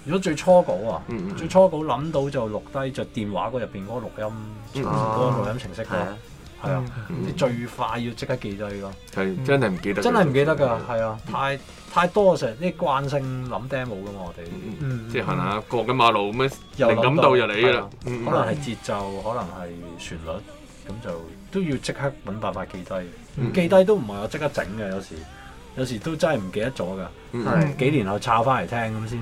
S8: 如果最初稿啊，最初稿諗到就錄低，就電話嗰入邊嗰個錄音，嗰個錄音程式咯，係啊，即係最快要即刻記低咯。係真係唔記得，真係唔記得噶，係啊，太太多成日啲慣性諗 demo 噶嘛，我哋即係行下過緊馬路咁樣，靈感到又嚟啦，可能係節奏，可能係旋律，咁就都要即刻搵辦法記低。記低都唔係我即刻整嘅，有時。有時都真係唔記得咗㗎，幾年後抄翻嚟聽咁先。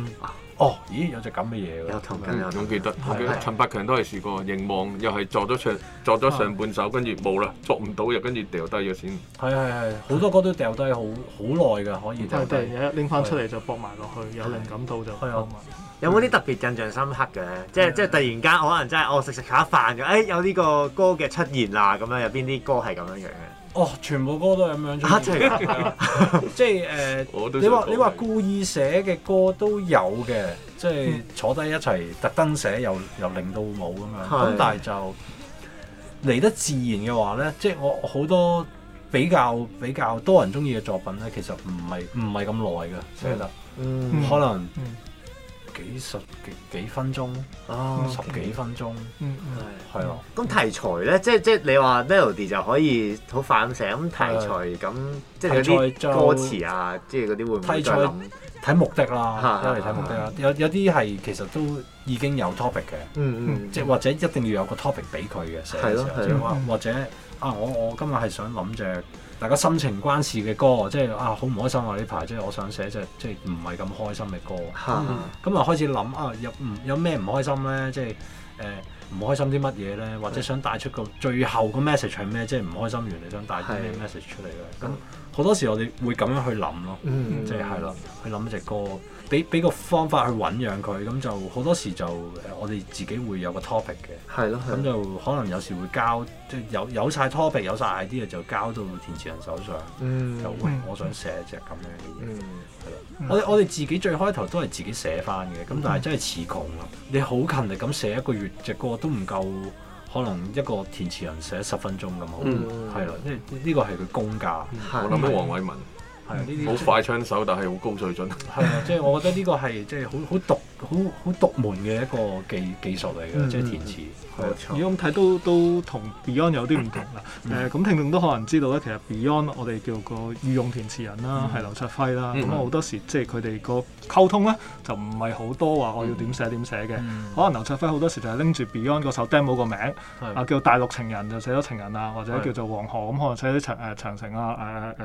S8: 哦，咦，有隻咁嘅嘢喎。有同感，總記得。總記得。陳百
S1: 強都係試過凝望，又係作咗唱，作咗上半首，跟住冇啦，作唔到又跟住掉低咗先。係係
S8: 係，好多歌都掉低好好耐㗎，可以。都係有日拎翻出嚟就搏
S6: 埋落去，有靈感到就開學嘛。有冇啲特別印象深刻嘅？即係即係突然間可能真係，我食食下飯嘅，誒有呢個歌嘅出現啦，咁樣有邊啲歌係咁樣樣嘅？
S8: 哦，全部歌都咁樣做，即係誒，
S6: 即係呃、你話你話
S8: 故意寫嘅歌都有嘅，即係坐低一齊特登寫，又又令到冇咁樣！咁但係就嚟得自然嘅話咧，即係我好多比較比較多人中意嘅作品咧，其實唔係唔係咁耐嘅，係啦，嗯嗯嗯、可能、嗯。幾十幾幾分鐘啊，十幾分鐘，
S6: 嗯，係係咯。咁題材咧，即即你話 melody 就可以好快咁寫，咁題材咁即係有啲歌詞啊，即係嗰啲會唔會再諗？睇
S8: 目的啦，睇嚟睇目的啦。的啦，有有啲係其實都已經有 topic 嘅，嗯嗯、mm, uh, um,，即或者一定要有個 topic 俾佢嘅，寫嘅時候，或者啊我啊我啊今日係想諗着。大家心情關事嘅歌，即係啊好唔開心啊呢排，即係我想寫隻即係唔係咁開心嘅歌。咁啊、嗯、開始諗啊有唔有咩唔開心咧？即係誒唔開心啲乜嘢咧？或者想帶出個最後個 message 係咩？即係唔開心完，你想帶啲咩 message 出嚟咧？咁好、嗯、多時我哋會咁樣去諗咯，即係係咯去諗隻歌。俾俾個方法去醞釀佢，咁就好多時就我哋自己會有個 topic 嘅，咁就可能有時會交，即係有有曬 topic 有曬 idea 就交到填詞人手上，就會我想寫一隻咁樣嘅嘢，係咯。我我哋自己最開頭都係自己寫翻嘅，咁但係真係詞窮啦。你好勤力咁寫一個月隻歌都唔夠，可能一個填詞人寫十分鐘咁好，係啦。呢個係佢工價，我諗起黃偉文。
S1: 係呢啲好快
S8: 槍手，但係好高水準。係啊，即係我覺得呢個係即係好好獨好好獨門嘅一個技技術嚟嘅，即係填詞。如
S4: 果咁睇都都同 Beyond 有啲唔同啦。誒咁，聽眾都可能知道咧，其實 Beyond 我哋叫個御用填詞人啦，係劉卓輝啦。咁好多時即係佢哋個溝通咧，就唔係好多話我要點寫點寫嘅。可能劉卓輝好多時就係拎住 Beyond 嗰首《Demo》個名啊，叫《大陸情人》就寫咗《情人》啊，或者叫做《黃河》咁，可能寫啲長誒長城啊、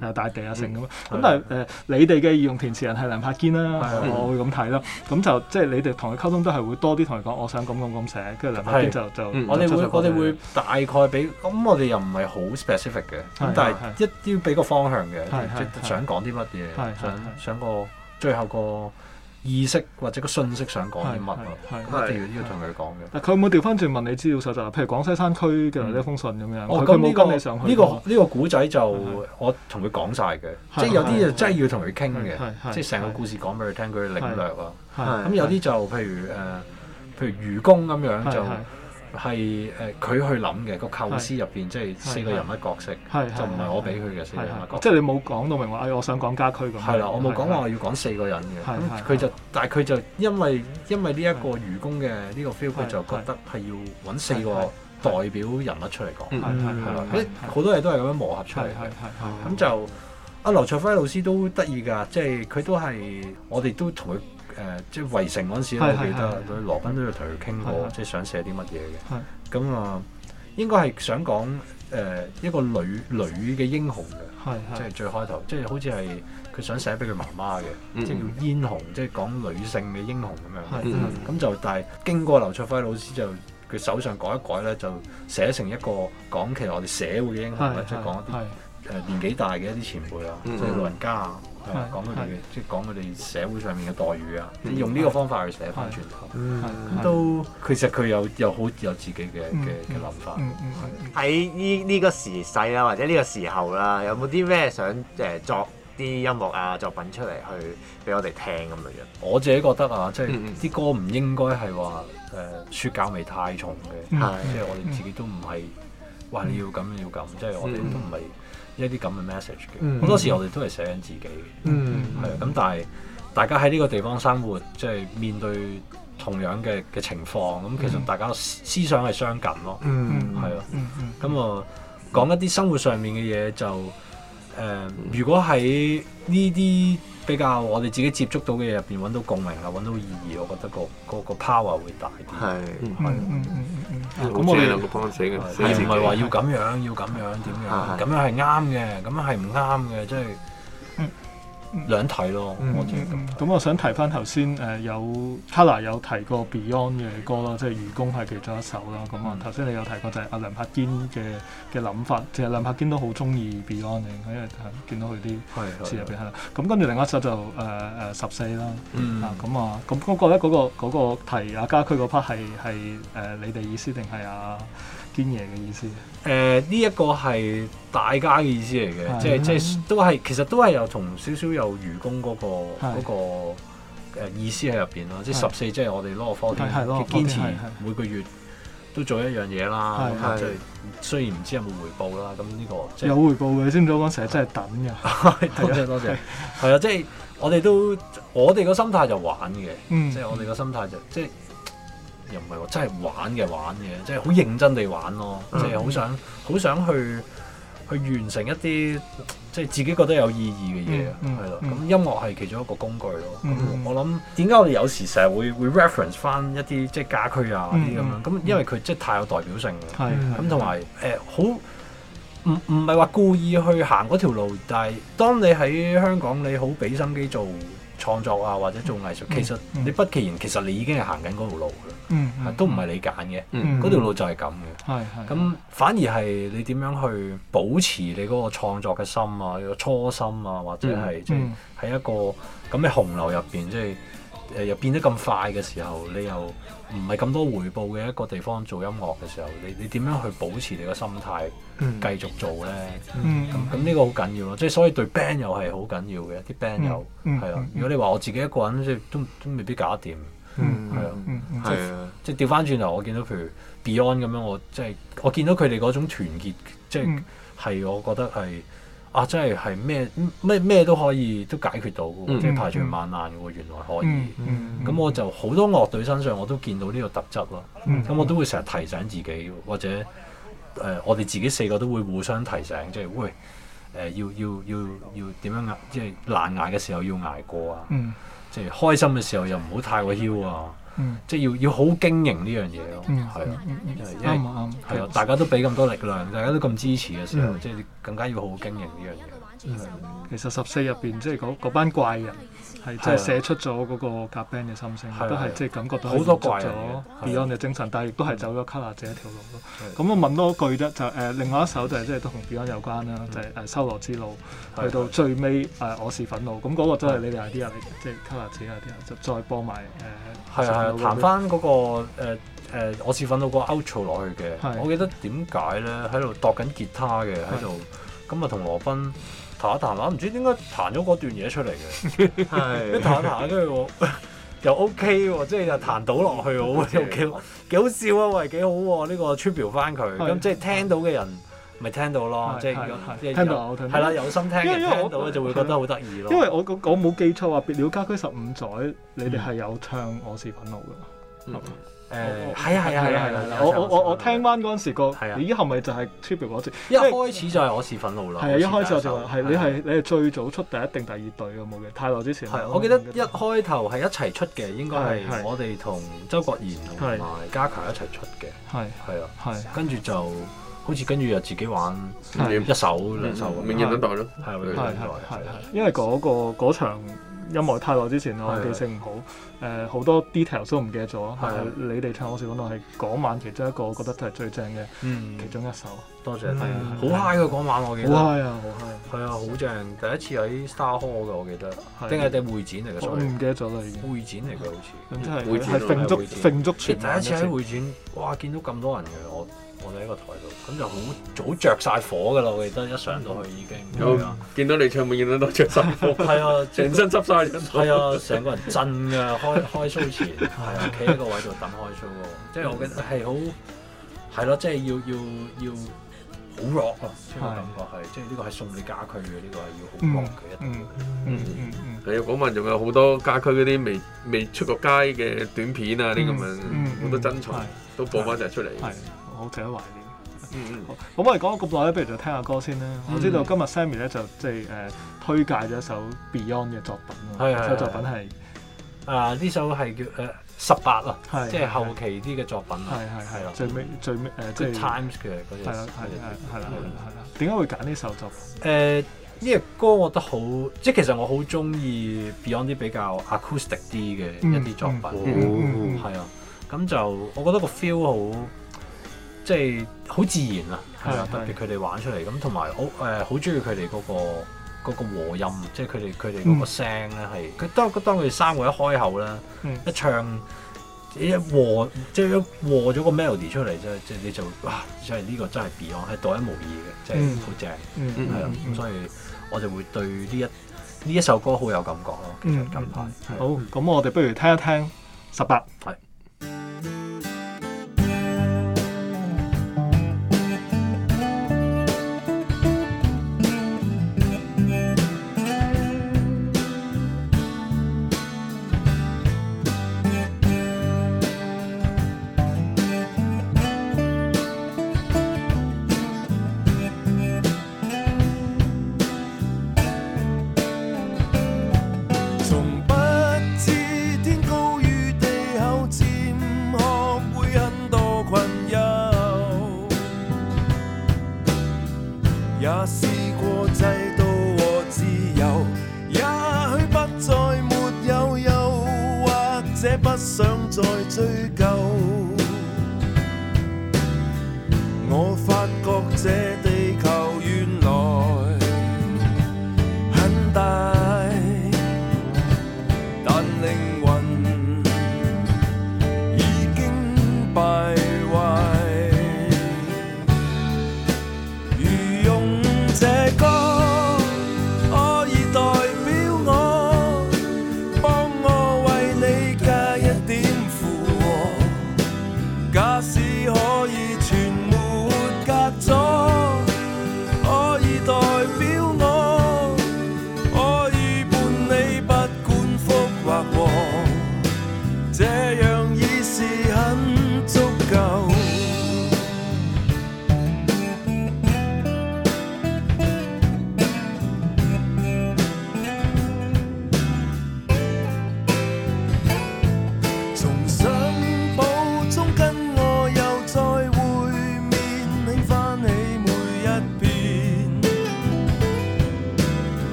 S4: 誒誒大地啊咁咁但係誒，你哋嘅御用填詞人係梁柏堅啦，我會咁睇咯。咁就即係你哋同佢溝通都係會多啲同佢講，我想咁咁咁寫。跟住梁柏堅就就，我哋會我哋會
S8: 大概俾咁，我哋又唔係好 specific 嘅。咁但係一啲俾個方向嘅，即係想講啲乜嘢，想想個最
S4: 後個。意識或者個信息想講啲乜啊？咁啊，譬如
S8: 呢個同佢講嘅。但係佢
S4: 有冇調翻轉問你資料蒐集？譬如廣西山區嘅呢一封信咁樣。哦，咁呢個呢個呢個
S8: 古仔就我同佢講晒嘅，即係有啲嘢真係要同佢傾嘅，即係成個故事講俾佢聽，佢領略啊。咁有啲就譬如誒，譬如愚公咁樣就。係誒，佢去諗嘅個構思入邊，即係四個人物角色，就唔係我俾佢嘅四個人物角色。即係你
S4: 冇講到明話，哎，我想講家居咁。係啦，我冇講話要講四個人嘅。咁佢就，但係佢就因為因為呢一個愚公嘅呢個 feel，佢就覺
S8: 得係要揾四個代表人物出嚟講。係係，好多嘢都係咁樣磨合出嚟。係咁就阿劉卓輝老師都得意㗎，即係佢都係我哋都同佢。誒，即係圍城嗰時咧，我記得，所以羅賓都要同佢傾過，即係想寫啲乜嘢嘅。咁啊，應該係想講誒，一個女女嘅英雄嘅，係即係最開頭，即係好似係佢想寫俾佢媽媽嘅，即係叫嫣雄，即係講女性嘅英雄咁樣。咁就，但係經過劉卓輝老師就佢手上改一改咧，就寫成一個講其實我哋社會嘅英雄，即係講一啲誒年紀大嘅一啲前輩啊，即係老人家啊。講佢哋，即係講佢哋社
S6: 會上面嘅待遇啊！你用呢個方法去寫翻傳奇，都
S8: 其實佢有
S6: 有好有自己嘅嘅嘅諗法。喺呢呢個時勢啦，或者呢個時候啦，有冇啲咩想誒作啲音樂啊作品出嚟去俾我哋聽咁樣？
S8: 我自己覺得啊，即係啲歌唔應該係話誒説教味太重嘅，即係我哋自己都唔係話你要咁要咁，即係我哋都唔係。一啲咁嘅 message 嘅、mm，好、hmm。多時我哋都係寫緊自己嘅、mm，係、hmm。啊。咁但係大家喺呢個地方生活，即係面對同樣嘅嘅情況，咁其實大家思想係相近咯，係咯。咁啊，講一啲生活上面嘅嘢就誒、呃，如果喺呢啲。比較我哋自己接觸到嘅嘢入邊揾到共鳴啊，揾到意義，我覺得個個個 power 會大啲。係，係，咁我哋兩個方式嘅，而唔係話要咁樣，嗯、要咁樣點樣，咁樣，
S4: 嗯，係啱嘅，咁樣，嗯，係唔啱嘅，即係。就是嗯、兩睇咯，我知咁。嗯嗯嗯、我想提翻頭先誒有 Tala 有提過 Beyond 嘅歌啦，即係《愚公》係其中一首啦。咁啊，頭先你有提過就係阿梁柏堅嘅嘅諗法，即係梁柏堅都好中意 Beyond 嘅，因為見到佢啲詞入邊係啦。咁跟住另一首就誒誒十四啦。啊咁、嗯嗯、啊，咁我覺得嗰個嗰、嗰個家、嗰個、駒嗰 part 係係誒你哋意思定係阿？他們 堅嘢嘅意思？誒呢一個係大家
S8: 嘅意思嚟嘅，即係即係都係其實都係有同少少有愚公嗰個嗰個意思喺入邊咯。即係十四，即係我哋攞個 foundation 堅持每個月都做一樣嘢啦。即係雖然唔知有冇回報啦。咁呢個即係有回
S4: 報嘅，你知唔知我講成日真係等嘅。多謝多謝，
S8: 係啊，即係我哋都我哋個心態就玩嘅，即係我哋個心態就即係。又唔係話真係玩嘅玩嘅，即係好認真地玩咯，即係好想好、嗯、想去去完成一啲即係自己覺得有意義嘅嘢，係咯。咁音樂係其中一個工具咯。嗯、我諗點解我哋有時成日會會 reference 翻一啲即係家居啊啲咁樣，咁、嗯、因為佢即係太有代表性啦。咁同埋誒好唔唔係話故意去行嗰條路，但係當你喺香港你好俾心機做，創作啊，或者做藝術，其實你不其然，其實你已經係行緊嗰條路啦，嗯嗯、都唔係你揀嘅，嗰條、嗯、路就係咁嘅。咁、嗯、反而係你點樣去保持你嗰個創作嘅心啊，個、嗯嗯、初心啊，或者係即係喺一個咁嘅洪流入邊即係。嗯嗯就是誒又變得咁快嘅時候，你又唔係咁多回報嘅一個地方做音樂嘅時候，你你點樣去保持你個心態繼續做咧？咁呢、嗯嗯嗯、個好緊要咯，即、就、係、是、所以對 band 又係好緊要嘅，啲 band 又係、嗯嗯嗯、啊。如果你話我自己一個人，即係都都未必搞得掂，係、嗯、啊，即係調翻轉頭，我見到譬如 Beyond 咁樣，我即係、就是、我見到佢哋嗰種團結，即係係我覺得係。啊！真係係咩咩咩都可以都解決到，嗯、即係排除萬難嘅喎，嗯、原來可以。咁、嗯嗯、我就好多樂隊身上我都見到呢個特質咯。咁、嗯、我都會成日提醒自己，或者誒、呃，我哋自己四個都會互相提醒，即係喂誒、呃，要要要要點樣？即係難捱嘅時候要捱過啊！嗯、即係開心嘅時候又唔好太過囂啊！嗯，即係要要好經營呢樣嘢咯，係、嗯，啱唔啱？係啊，啊啊大家都俾咁多力量，大家都咁支持嘅時候，嗯、即係更加
S4: 要好好經營呢樣嘢。嗯啊、其實十四入邊即係嗰班怪人。係即係寫出咗嗰個夾 band 嘅心聲，都係即係感覺到好多咗 Beyond 嘅精神，但係亦都係走咗 Color 一條路咯。咁的我問多句啫，就誒、呃、另外一首就係、是、即係都同 Beyond 有關啦，嗯、就係、是、誒《修羅之路》去的到最尾誒、呃、我是憤怒，咁嗰個都係你哋啲 idea 嚟嘅，即係 Color 呢啲 idea，就 olor, 再播埋誒。係係彈返
S8: 嗰個誒我是憤怒是是、嗰個、呃、outro 落去嘅，的我記得點解咧喺度度緊吉他嘅喺度，咁啊同羅賓。的彈一下彈啦，唔知點解彈咗嗰段嘢出嚟嘅，一彈彈跟住又 OK 喎，即係又彈到落去喎，幾好笑啊！喂，幾好喎？呢個 trip 翻佢，咁即係聽到嘅人咪聽到咯，即係聽到，係啦，有心聽嘅聽到，聽到就會覺得好得意咯。因為
S4: 我我冇記錯話別了家居十五載，你哋係有唱我是憤怒嘅嘛？嗯誒係啊係啊係啊！我我我我聽翻嗰陣時，個咦係咪就係 triple 嗰隊？一開始就係我是憤怒啦！係啊，一開始我就係你係你係最早出第一定第二隊嘅冇嘅？太耐之前係，我記得一開頭係一齊出嘅，應該係我哋同周國賢同埋嘉嘉一齊出
S8: 嘅。係係啊，係跟住就。好似跟住又自己玩，一首兩首，永遠等
S4: 待咯，係啊，兩百，因為嗰個嗰場音樂太耐之前咯，記性唔好，誒好多 detail 都唔記得咗。係你哋聽我時講到係嗰晚其中一個，我覺得都係最正嘅其中一首。多謝，好嗨嘅嗰晚我記得好嗨
S8: 啊，好嗨！係啊，好正！第一次喺 Star Hall 嘅我記得，定係定會展嚟嘅，我唔記得咗啦。會展嚟嘅好似，咁真係係慶祝慶祝全第一次喺會展，哇！見到咁多人嘅我。我哋喺個台度，咁就好，早着晒火噶啦！我記得一上到去已經，見到你唱會，見到都着晒，係啊，全身濕晒，係啊，成個人震啊，開開騷前，係啊，企喺個位度等開騷喎，即係我覺得係好，係咯，即係要要要好落啊！即係感覺係，即係呢個係送你家區嘅，呢個係要
S4: 好落嘅一定嗯
S1: 係啊，古文仲有好多家區嗰啲未未出過街嘅短片啊，啲咁嘅好多珍藏都播翻曬出嚟。
S4: 好值得懷念。咁我哋講咗咁耐咧，不如就聽下歌先啦。我知道今日 Sammy 咧就即係誒推介咗一首 Beyond 嘅作品咯。係啊，首作品係
S8: 啊，呢首係叫誒十八咯，即係後期啲嘅作品。係係係啦，最尾最尾誒 The Times 嘅嗰隻。係啦
S4: 係啦係啦係啦。點解會揀呢首作
S8: 品？呢隻歌我覺得好，即係其實我好中意 Beyond 啲比較 acoustic 啲嘅一啲作品。係啊，咁就我覺得個 feel 好。即係好自然啊，係啊，特別佢哋玩出嚟咁，同埋好誒，好中意佢哋嗰個嗰個和音，即係佢哋佢哋嗰個聲咧係，佢當當佢哋三個一開口咧，一唱一和，即係一和咗個 melody 出嚟啫，即係你就哇，真係呢個真係 Beyond 係獨一無二嘅，即係好正，係啊，咁所以我就會對呢一呢一首歌好有感覺咯，其實近排。
S4: 好，咁我哋不如聽一聽十八。係。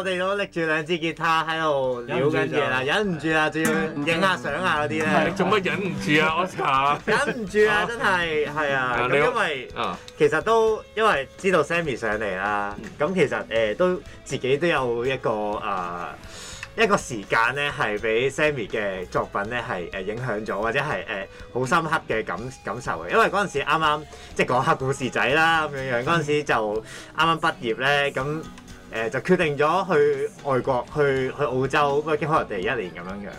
S6: 我哋都拎住兩支吉他喺度聊緊嘢啦，忍唔住啦，仲要影下相啊嗰啲咧。你做乜忍唔住啊我查，忍唔住啊，真係係啊。咁 Oscar? 因為、啊、其實都因為知道 Sammy 上嚟啦，咁其實誒都、呃、自己都有一個啊、呃、一個時間咧，係俾 Sammy 嘅作品咧係誒影響咗，或者係誒好深刻嘅感感受嘅。因為嗰陣時啱啱即係講下故事仔啦咁樣樣，嗰陣、嗯、時就啱啱畢業咧咁。誒就決定咗去外國，去去澳洲，working holiday 一年咁樣樣。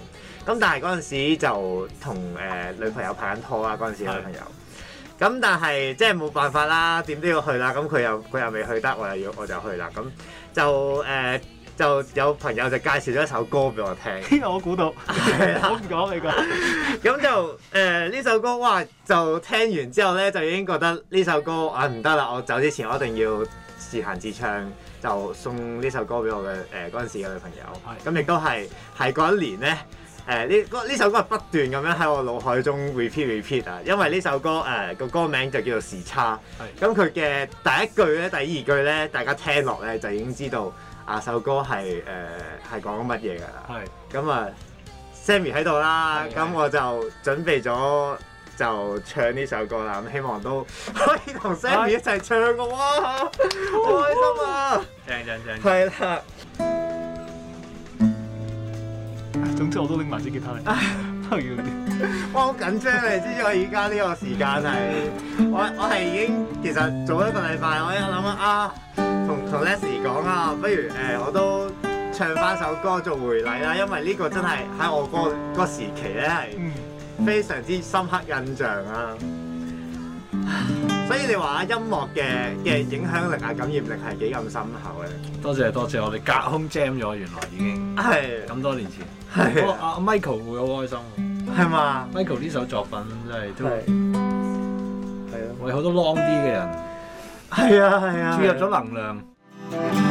S6: 咁但係嗰陣時就同誒、呃、女朋友拍緊拖啊，嗰陣時女朋友。咁是的 但係即係冇辦法啦，點都要去啦。咁佢又佢又未去得，我又要我就去啦。咁就誒、呃、就有朋友就介紹咗一首歌俾我聽。原來我估到，我唔講你講。咁就誒呢首歌哇，就聽完之後咧就已經覺得呢首歌啊唔得啦，我走之前我一定要自彈自唱。就送呢首歌俾我嘅誒嗰陣時嘅女朋友，咁亦都係係嗰一年咧誒呢呢、呃、首歌係不斷咁樣喺我腦海中 repeat repeat 啊，因為呢首歌誒個、呃、歌名就叫做時差，咁佢嘅第一句咧、第二句呢，大家聽落呢，就已經知道啊首歌係誒係講乜嘢㗎啦，咁啊 Sammy 喺度啦，咁我就準備咗。就唱呢首歌啦，希望都可以同 Sammy 一齊唱嘅喎，好、啊 oh，開心啊！
S4: 正
S6: 正正，
S4: 係啦。 (music) 總之我都拎埋支吉他嚟，
S6: 哇 (laughs) 要來！ (laughs) (laughs) 我好緊張啊，你知？我而家呢個時間係，我我係已經其實早一個禮拜，我有諗啊，同同 Leslie 講啊，不如誒、呃、我都唱翻首歌做回禮啦，因為呢個真係喺我個個、mm hmm。時期咧係。非常之深刻印象啊，所以你話音樂嘅嘅影響力啊、感染力係幾咁深厚咧、啊？多謝多謝，我哋隔空 jam 咗，原來已經係咁多年前。係、啊，阿、啊啊、Michael 會好開心、
S8: 啊，係嘛嗎？Michael 呢首作品真係都係，我哋好多 long
S6: 啲嘅人，係啊係啊，注入咗能量。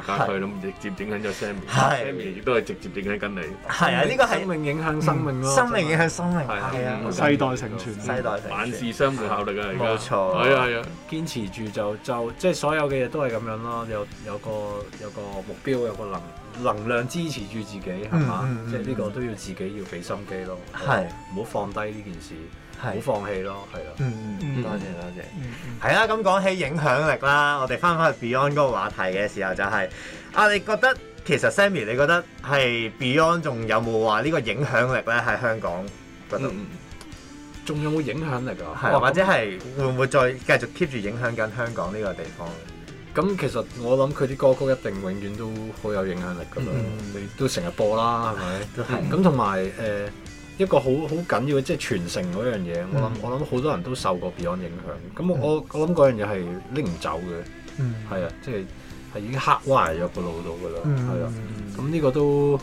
S1: 隔佢咁直接整緊咗 Sammy，Sammy 亦都係直接整
S8: 緊緊你。係啊，呢個係生命影響生命咯。生命影響生命係啊，世代承傳，世代承傳，萬事相互效力啊！而家冇錯，係啊係啊，堅持住就就即係所有嘅嘢都係咁樣咯。有有個有個目標，有個能能量支持住自己係嘛？即係呢個都要自己要俾心機咯。係，唔好放低呢件事。好是
S6: 放棄咯，係咯、嗯。嗯，多謝多謝。謝，嗯係啦。咁、嗯、講起影響力啦，我哋翻返去 Beyond 嗰個話題嘅時候就係、是、啊，你覺得其實 Sammy，你覺得係 Beyond 仲有冇話呢個影響力咧喺香港嗰度？仲、嗯、有冇影響力㗎、啊？的哇或者係會唔會再繼續 keep 住影響緊香港呢個地方？咁其實
S8: 我諗佢啲歌曲一定永遠都好有影響力㗎喇、嗯。你都成日播啦，係咪？都係是。咁同埋誒。一個好好緊要嘅，即係傳承嗰樣嘢。我諗我諗好多人都受過 Beyond 影響。咁我我諗嗰樣嘢係拎唔走嘅，係啊，即係係已經刻壞咗個腦度噶啦，係啊。咁呢個都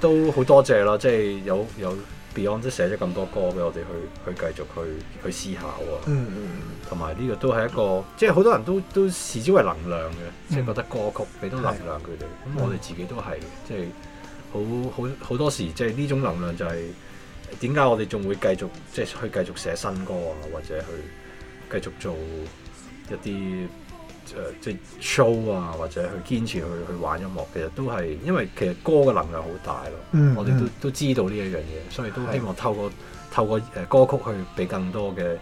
S8: 都好多謝啦，即係有有 Beyond 都寫咗咁多歌俾我哋去去繼續去去思考。啊，同埋呢個都係一個，即係好多人都都視之為能量嘅，即係覺得歌曲俾到能量佢哋。咁我哋自己都係，即係好好好多時，即係呢種能量就係。點解我哋仲會繼續即係、就是、去繼續寫新歌啊，或者去繼續做一啲誒、呃、即 show 啊，或者去堅持去、嗯、去玩音樂？其實都係因為其實歌嘅能量好大咯。嗯嗯我哋都都知道呢一樣嘢，所以都希望透過的透過誒歌曲去俾更多嘅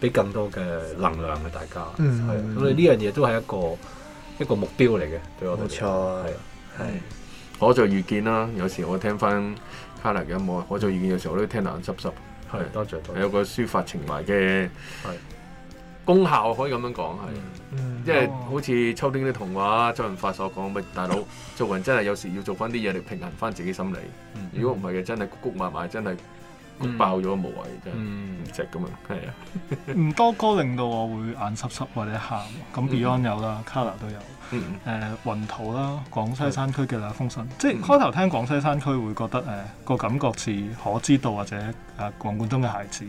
S8: 俾更多嘅能量俾大家。係咁、嗯嗯嗯，你呢樣嘢都係一個一個目標嚟嘅。對我哋冇錯，係我就預見啦。有時
S1: 我聽翻。卡拉嘅音樂，我做演嘅時候我都聽到眼濕濕。係，多謝多謝。有個抒發情懷嘅功效可以咁樣講係。嗯、因為好似秋天啲童話，周潤發所講喂，大佬 (coughs) 做人真係有時要做翻啲嘢嚟平衡翻自己心理。嗯、如果唔係嘅，真係谷谷埋埋，真係谷爆咗無謂，真係，嗯，石咁樣係
S4: 啊。唔、嗯、 (laughs) 多歌令到我會眼濕濕或者喊，咁 Beyond 有啦，卡拉都有。誒雲圖啦，廣西山區嘅嗰封信，即係開頭聽廣西山區會覺得誒個感覺似可知道或者誒廣冠中嘅孩子，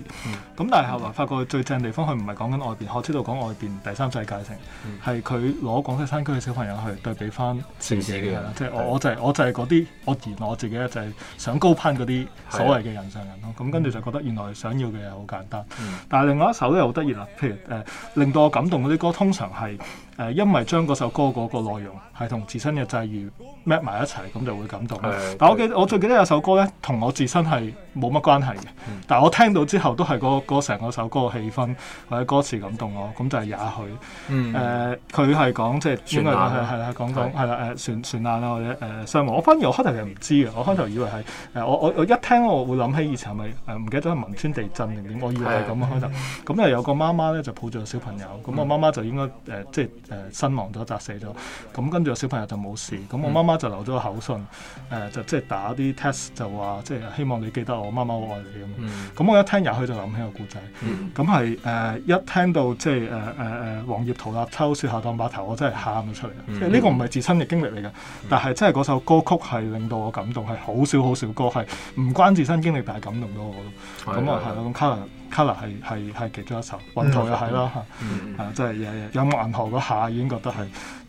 S4: 咁但係後來發覺最正地方佢唔係講緊外邊，可知道講外邊第三世界性，係佢攞廣西山區嘅小朋友去對比翻自己，嘅即係我就係我就係嗰啲我而我自己咧就係想高攀嗰啲所謂嘅人上人咯，咁跟住就覺得原來想要嘅嘢好簡單，但係另外一首咧好得意啦，譬如誒令到我感動嗰啲歌通常係。誒、啊，因為將嗰首歌嗰個內容係同自身嘅際遇。埋一齊咁就會感動，但係我記，我最記得有首歌咧，同我自身係冇乜關係嘅。但係我聽到之後都係個個成個首歌嘅氣氛或者歌詞感動我，咁就係也許誒，佢係講即係船難係啦，講講係啦誒，船船難啦或者誒傷亡。我反而我開頭其實唔知嘅，我開頭以為係誒我我我一聽我會諗起以前係咪誒唔記得咗係汶川地震定點？我以為係咁開頭。咁啊有個媽媽咧就抱住個小朋友，咁我媽媽就應該誒即係誒身亡咗砸死咗，咁跟住個小朋友就冇事，咁個媽媽。就留咗個口信，誒、呃、就即係打啲 test 就話，即係希望你記得我媽媽好愛你咁。咁、嗯、我一聽入去就諗起個故仔。咁係誒一聽到即係誒誒誒黃葉淘立秋雪下當把頭，我真係喊咗出嚟。嗯、即係呢個唔係自身嘅經歷嚟嘅，嗯、但係真係嗰首歌曲係令到我感動，係好少好少歌係唔關自身經歷，但係感動到我咯。咁啊係一種 c colour 係係係其中一層，銀行又係啦嚇， (music) 啊，即係誒有銀河個下已經覺得係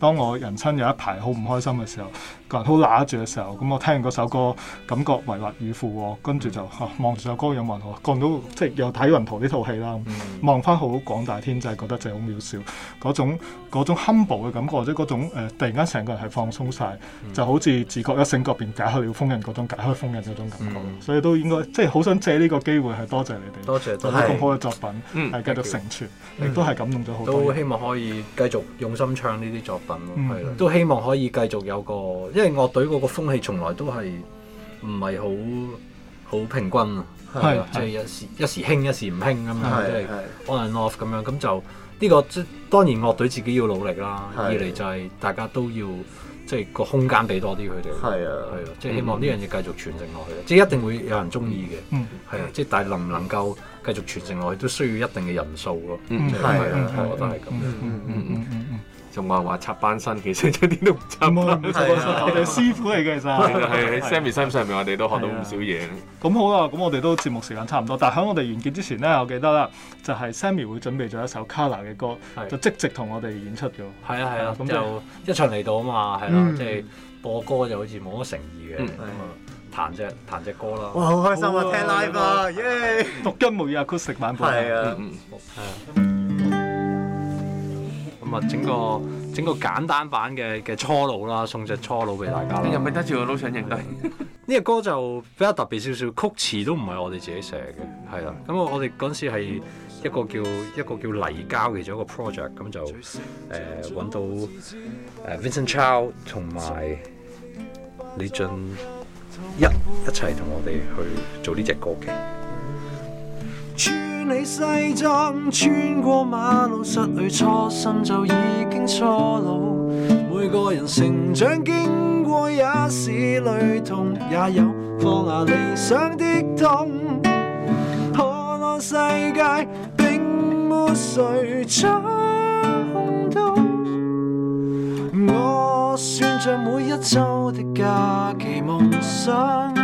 S4: 當我人生有一排好唔開心嘅時候。 (laughs) 個人好揦住嘅時候，咁我聽完嗰首歌，感覺維繫與負荷，跟住就望住首歌有雲圖，望到即係又睇雲圖呢套戲啦，望翻好廣大天際，覺得就係好渺小，嗰種嗰種 humble 嘅感覺，即係嗰種誒突然間成個人係放鬆晒，就好似自覺一醒覺變解開了封印嗰種，解開封印嗰種感覺。所以都應該即係好想借呢個機會係多謝你哋，多謝咁好嘅作
S8: 品，係繼續成全，亦都係感動咗好多，都希望可以繼續用心唱呢啲作品咯，係都希望可以繼續有個。因為樂隊嗰個風氣從來都係唔係好好平均啊，即係一時一時興一時唔興咁樣，即係 on and off 咁樣，咁就呢個即係當然樂隊自己要努力啦，二嚟就係大家都要即係個空間俾多啲佢哋。係啊，係啊，即係希望呢樣嘢繼續傳承落去，即係一定會有人中意嘅。係啊，即係但係能唔能夠繼續傳承落去，都需要一定嘅人數咯。嗯，係啊，就係咁。嗯嗯嗯嗯嗯。仲話話插
S1: 班生，其實一啲都唔插。冇錯啊，其實，師傅嚟嘅其實係啊係，Sammy 身上面，我哋都學到唔少嘢。
S4: 咁好啦，咁我哋都節目時間差唔多，但係喺我哋完結之前咧，我記得啦，就係 Sammy 會準備咗一首 k a r 嘅歌，就即直同我哋演出咗。係啊係啊，咁就一場嚟到啊嘛，係咯，即係播歌就好似冇乜誠意嘅，咁
S8: 啊彈隻彈隻歌啦。哇！好開心啊，聽 live 啊，
S4: 獨根木葉 Acoustic 版本。整個整個
S8: 簡單版嘅嘅初老啦，送隻初老俾大家。你有冇得住我攞想影帝？呢個、嗯嗯、 (laughs) 歌就比較特別少少，曲詞都唔係我哋自己寫嘅，係啦。咁我哋嗰陣時係一個叫一個叫泥膠嘅一個 project，咁就誒揾、呃、到誒、呃、Vincent Chow 同埋李俊一一齊同我哋去做呢隻歌嘅。
S2: 你西裝穿過馬路，失去初心就已經錯路。每個人成長經過也是雷同，也有放下理想的痛。可那世界並沒誰掌控到，我算着每一週的假期夢想。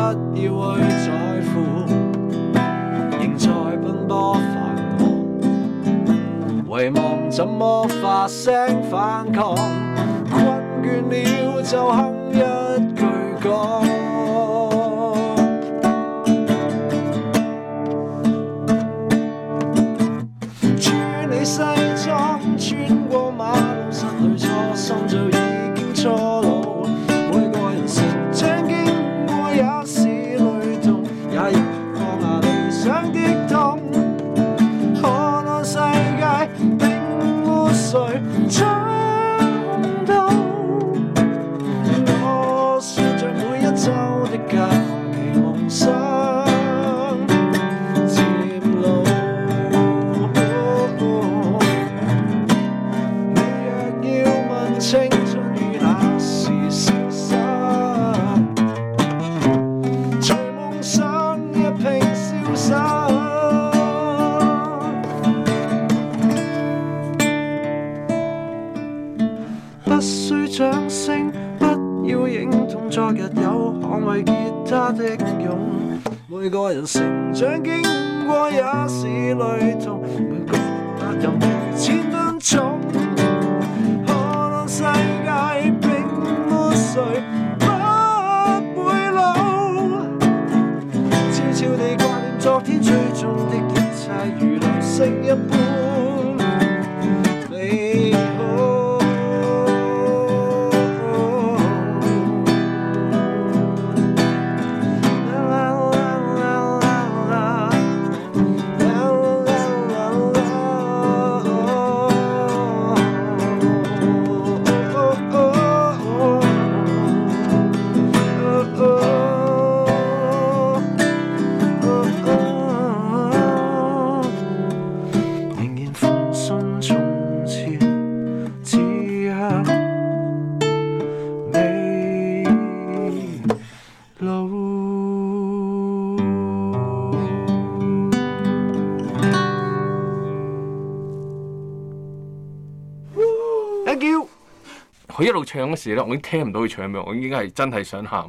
S1: 唱嗰時咧，我已經聽唔到佢唱咩，我已經係真係想喊，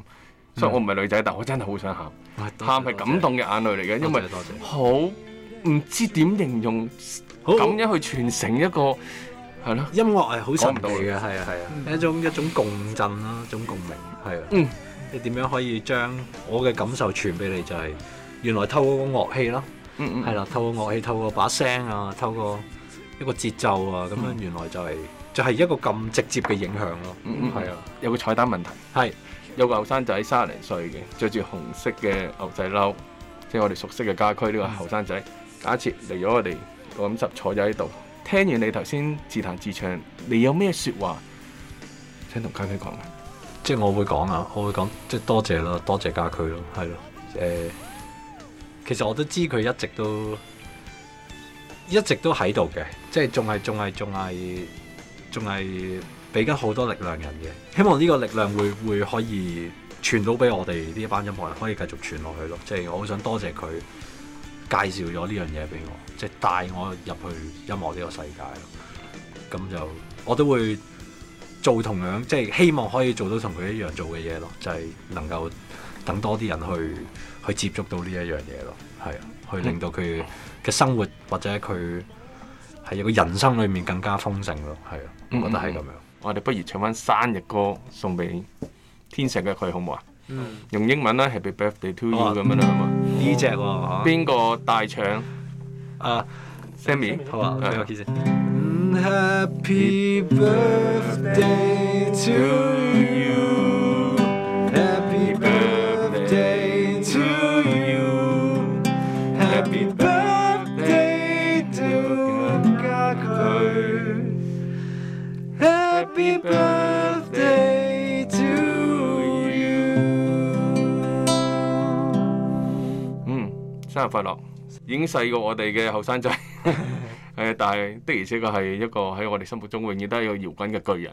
S1: 所以我唔係女仔，但我真係好想喊，喊係感動嘅眼淚嚟嘅，因為好唔知點形容，
S8: 咁樣去傳承一個係咯，音樂係好神奇嘅，係啊係啊，一種一種共振啦，一種共鳴，係啊，你點樣可以將我嘅感受傳俾你？就係原來透過個樂器咯，
S7: 嗯係啦，
S8: 透過樂器，透過把聲啊，透過一個節奏啊，咁樣原來就係。就係一個咁直接嘅影響咯，嗯，嗯嗯，係啊，有個彩蛋問題，係是有個後生仔三十零歲嘅，着住紅
S1: 色嘅牛仔褸，即係我哋熟悉嘅家駒呢，這個後生仔。唉假設嚟咗我哋咁十坐咗喺度，聽完你頭先自彈自唱，你有咩説話？
S8: 請同家駒講，即係我會講啊，我會講，即係多謝咯，多謝家駒咯，係咯，誒，呃，其實我都知佢一直都一直都喺度嘅，即係仲係仲係仲係。仲係俾緊好多力量人嘅，希望呢個力量會會可以傳到俾我哋呢一班音樂人，可以繼續傳落去咯。即係我好想多謝佢介紹咗呢樣嘢俾我，即係帶我入去音樂呢個世界咯。咁就我都會做同樣，即係希望可以做到同佢一樣做嘅嘢咯，就係能夠等多啲人去去接觸到呢一樣嘢咯。係啊，去令到佢嘅生活或者佢係一個人生裏面更加豐盛咯。係啊。我覺得係咁樣，嗯、我哋不如
S1: 唱翻生日歌送俾天成嘅佢好唔好啊？用英文咧係《Happy Birthday to You》咁樣啦，好嘛呢隻邊個帶唱？誒，Sammy，好啊
S2: ，Happy Birthday to You。
S1: 生日快樂！已經細過我哋嘅後生仔，誒，但係的而且確係一個喺我哋心目中永遠都係一個搖滾嘅巨人。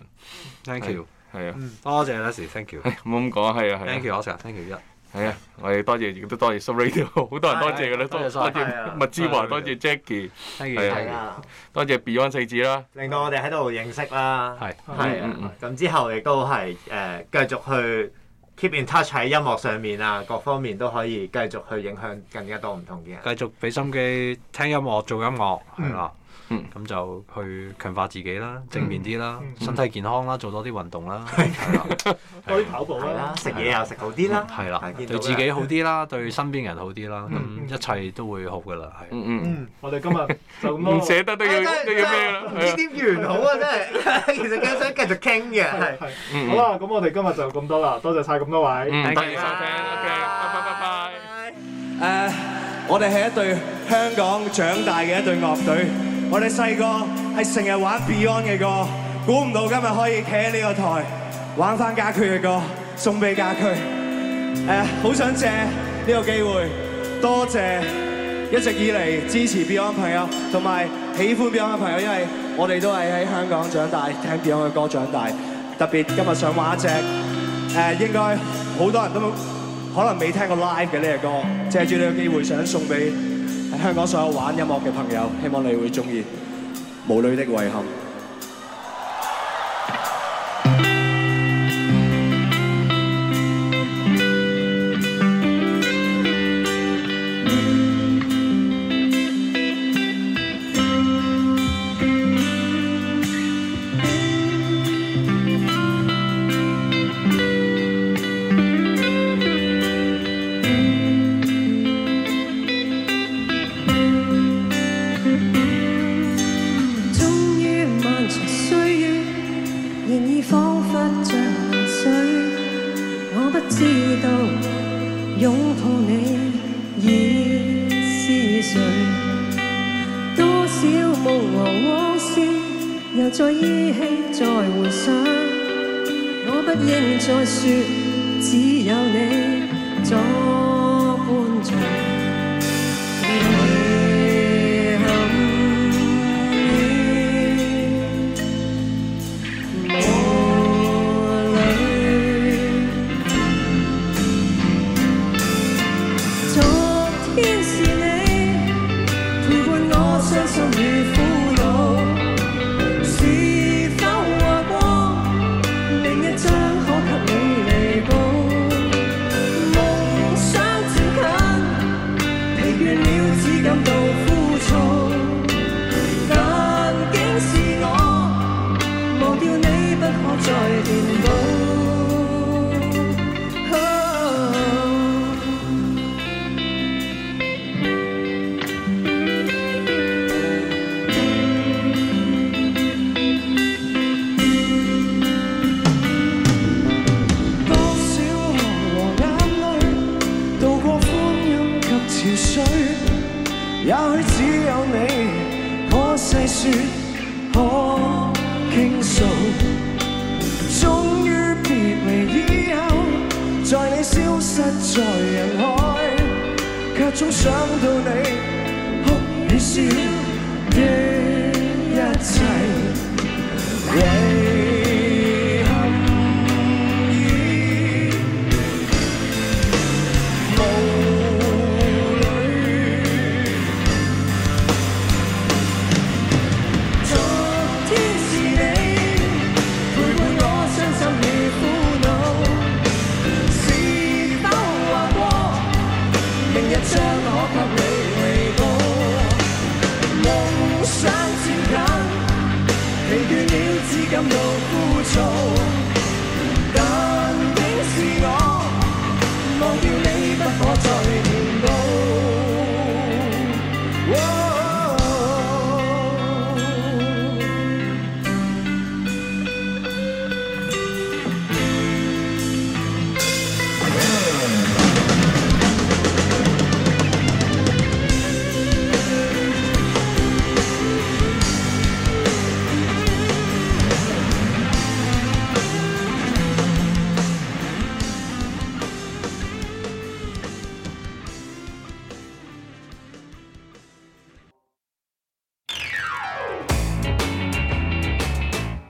S1: Thank you，係啊，多謝 Leslie，Thank you，唔好咁講，係啊，係 Thank you，我成日，Thank you 一，係啊，我哋多謝亦都多謝 Sorry 好多人多謝嘅啦，多謝麥之華，多謝 Jacky，係啊，多謝 Beyond 四子啦，
S6: 令到我哋喺度認識啦，係，係啊，咁之後亦都係誒繼續去。keep in touch 喺音樂上面啊，各方面都可以繼續去影響更加多唔同嘅人。
S7: 繼
S8: 續俾心機聽音樂、做音樂，係啦，嗯嗯，咁就去強化自己啦，正面啲啦，身體健康啦，做多啲運動啦，去跑步啦，食嘢又食好啲啦，係啦，對自己好啲啦，對身邊人好啲啦，一切都會好噶啦，係。嗯，我哋今日就唔捨
S1: 得都要都要咩啦？唔知
S6: 點完好啊，真係。其實梗係想繼續傾
S4: 嘅，好啦，咁我哋今日就咁多啦，多謝晒咁多位，多謝收聽，OK，
S7: 拜拜拜
S5: 拜。誒，我哋係一隊香港長大嘅一隊樂隊。我哋細個係成日玩 Beyond 嘅歌，估唔到今日可以企喺呢個台玩翻家駒嘅歌，送俾家駒。誒，好想借呢個機會多謝一直以嚟支持 Beyond 朋友同埋喜歡 Beyond 嘅朋友，因為我哋都係喺香港長大聽 Beyond 嘅歌長大。特別今日想玩一隻誒，uh, 應該好多人都可能未聽過 live 嘅呢隻歌，借住呢個機會想送俾喺香港所有玩音樂嘅朋友，希望你們會中意《無淚的遺憾》。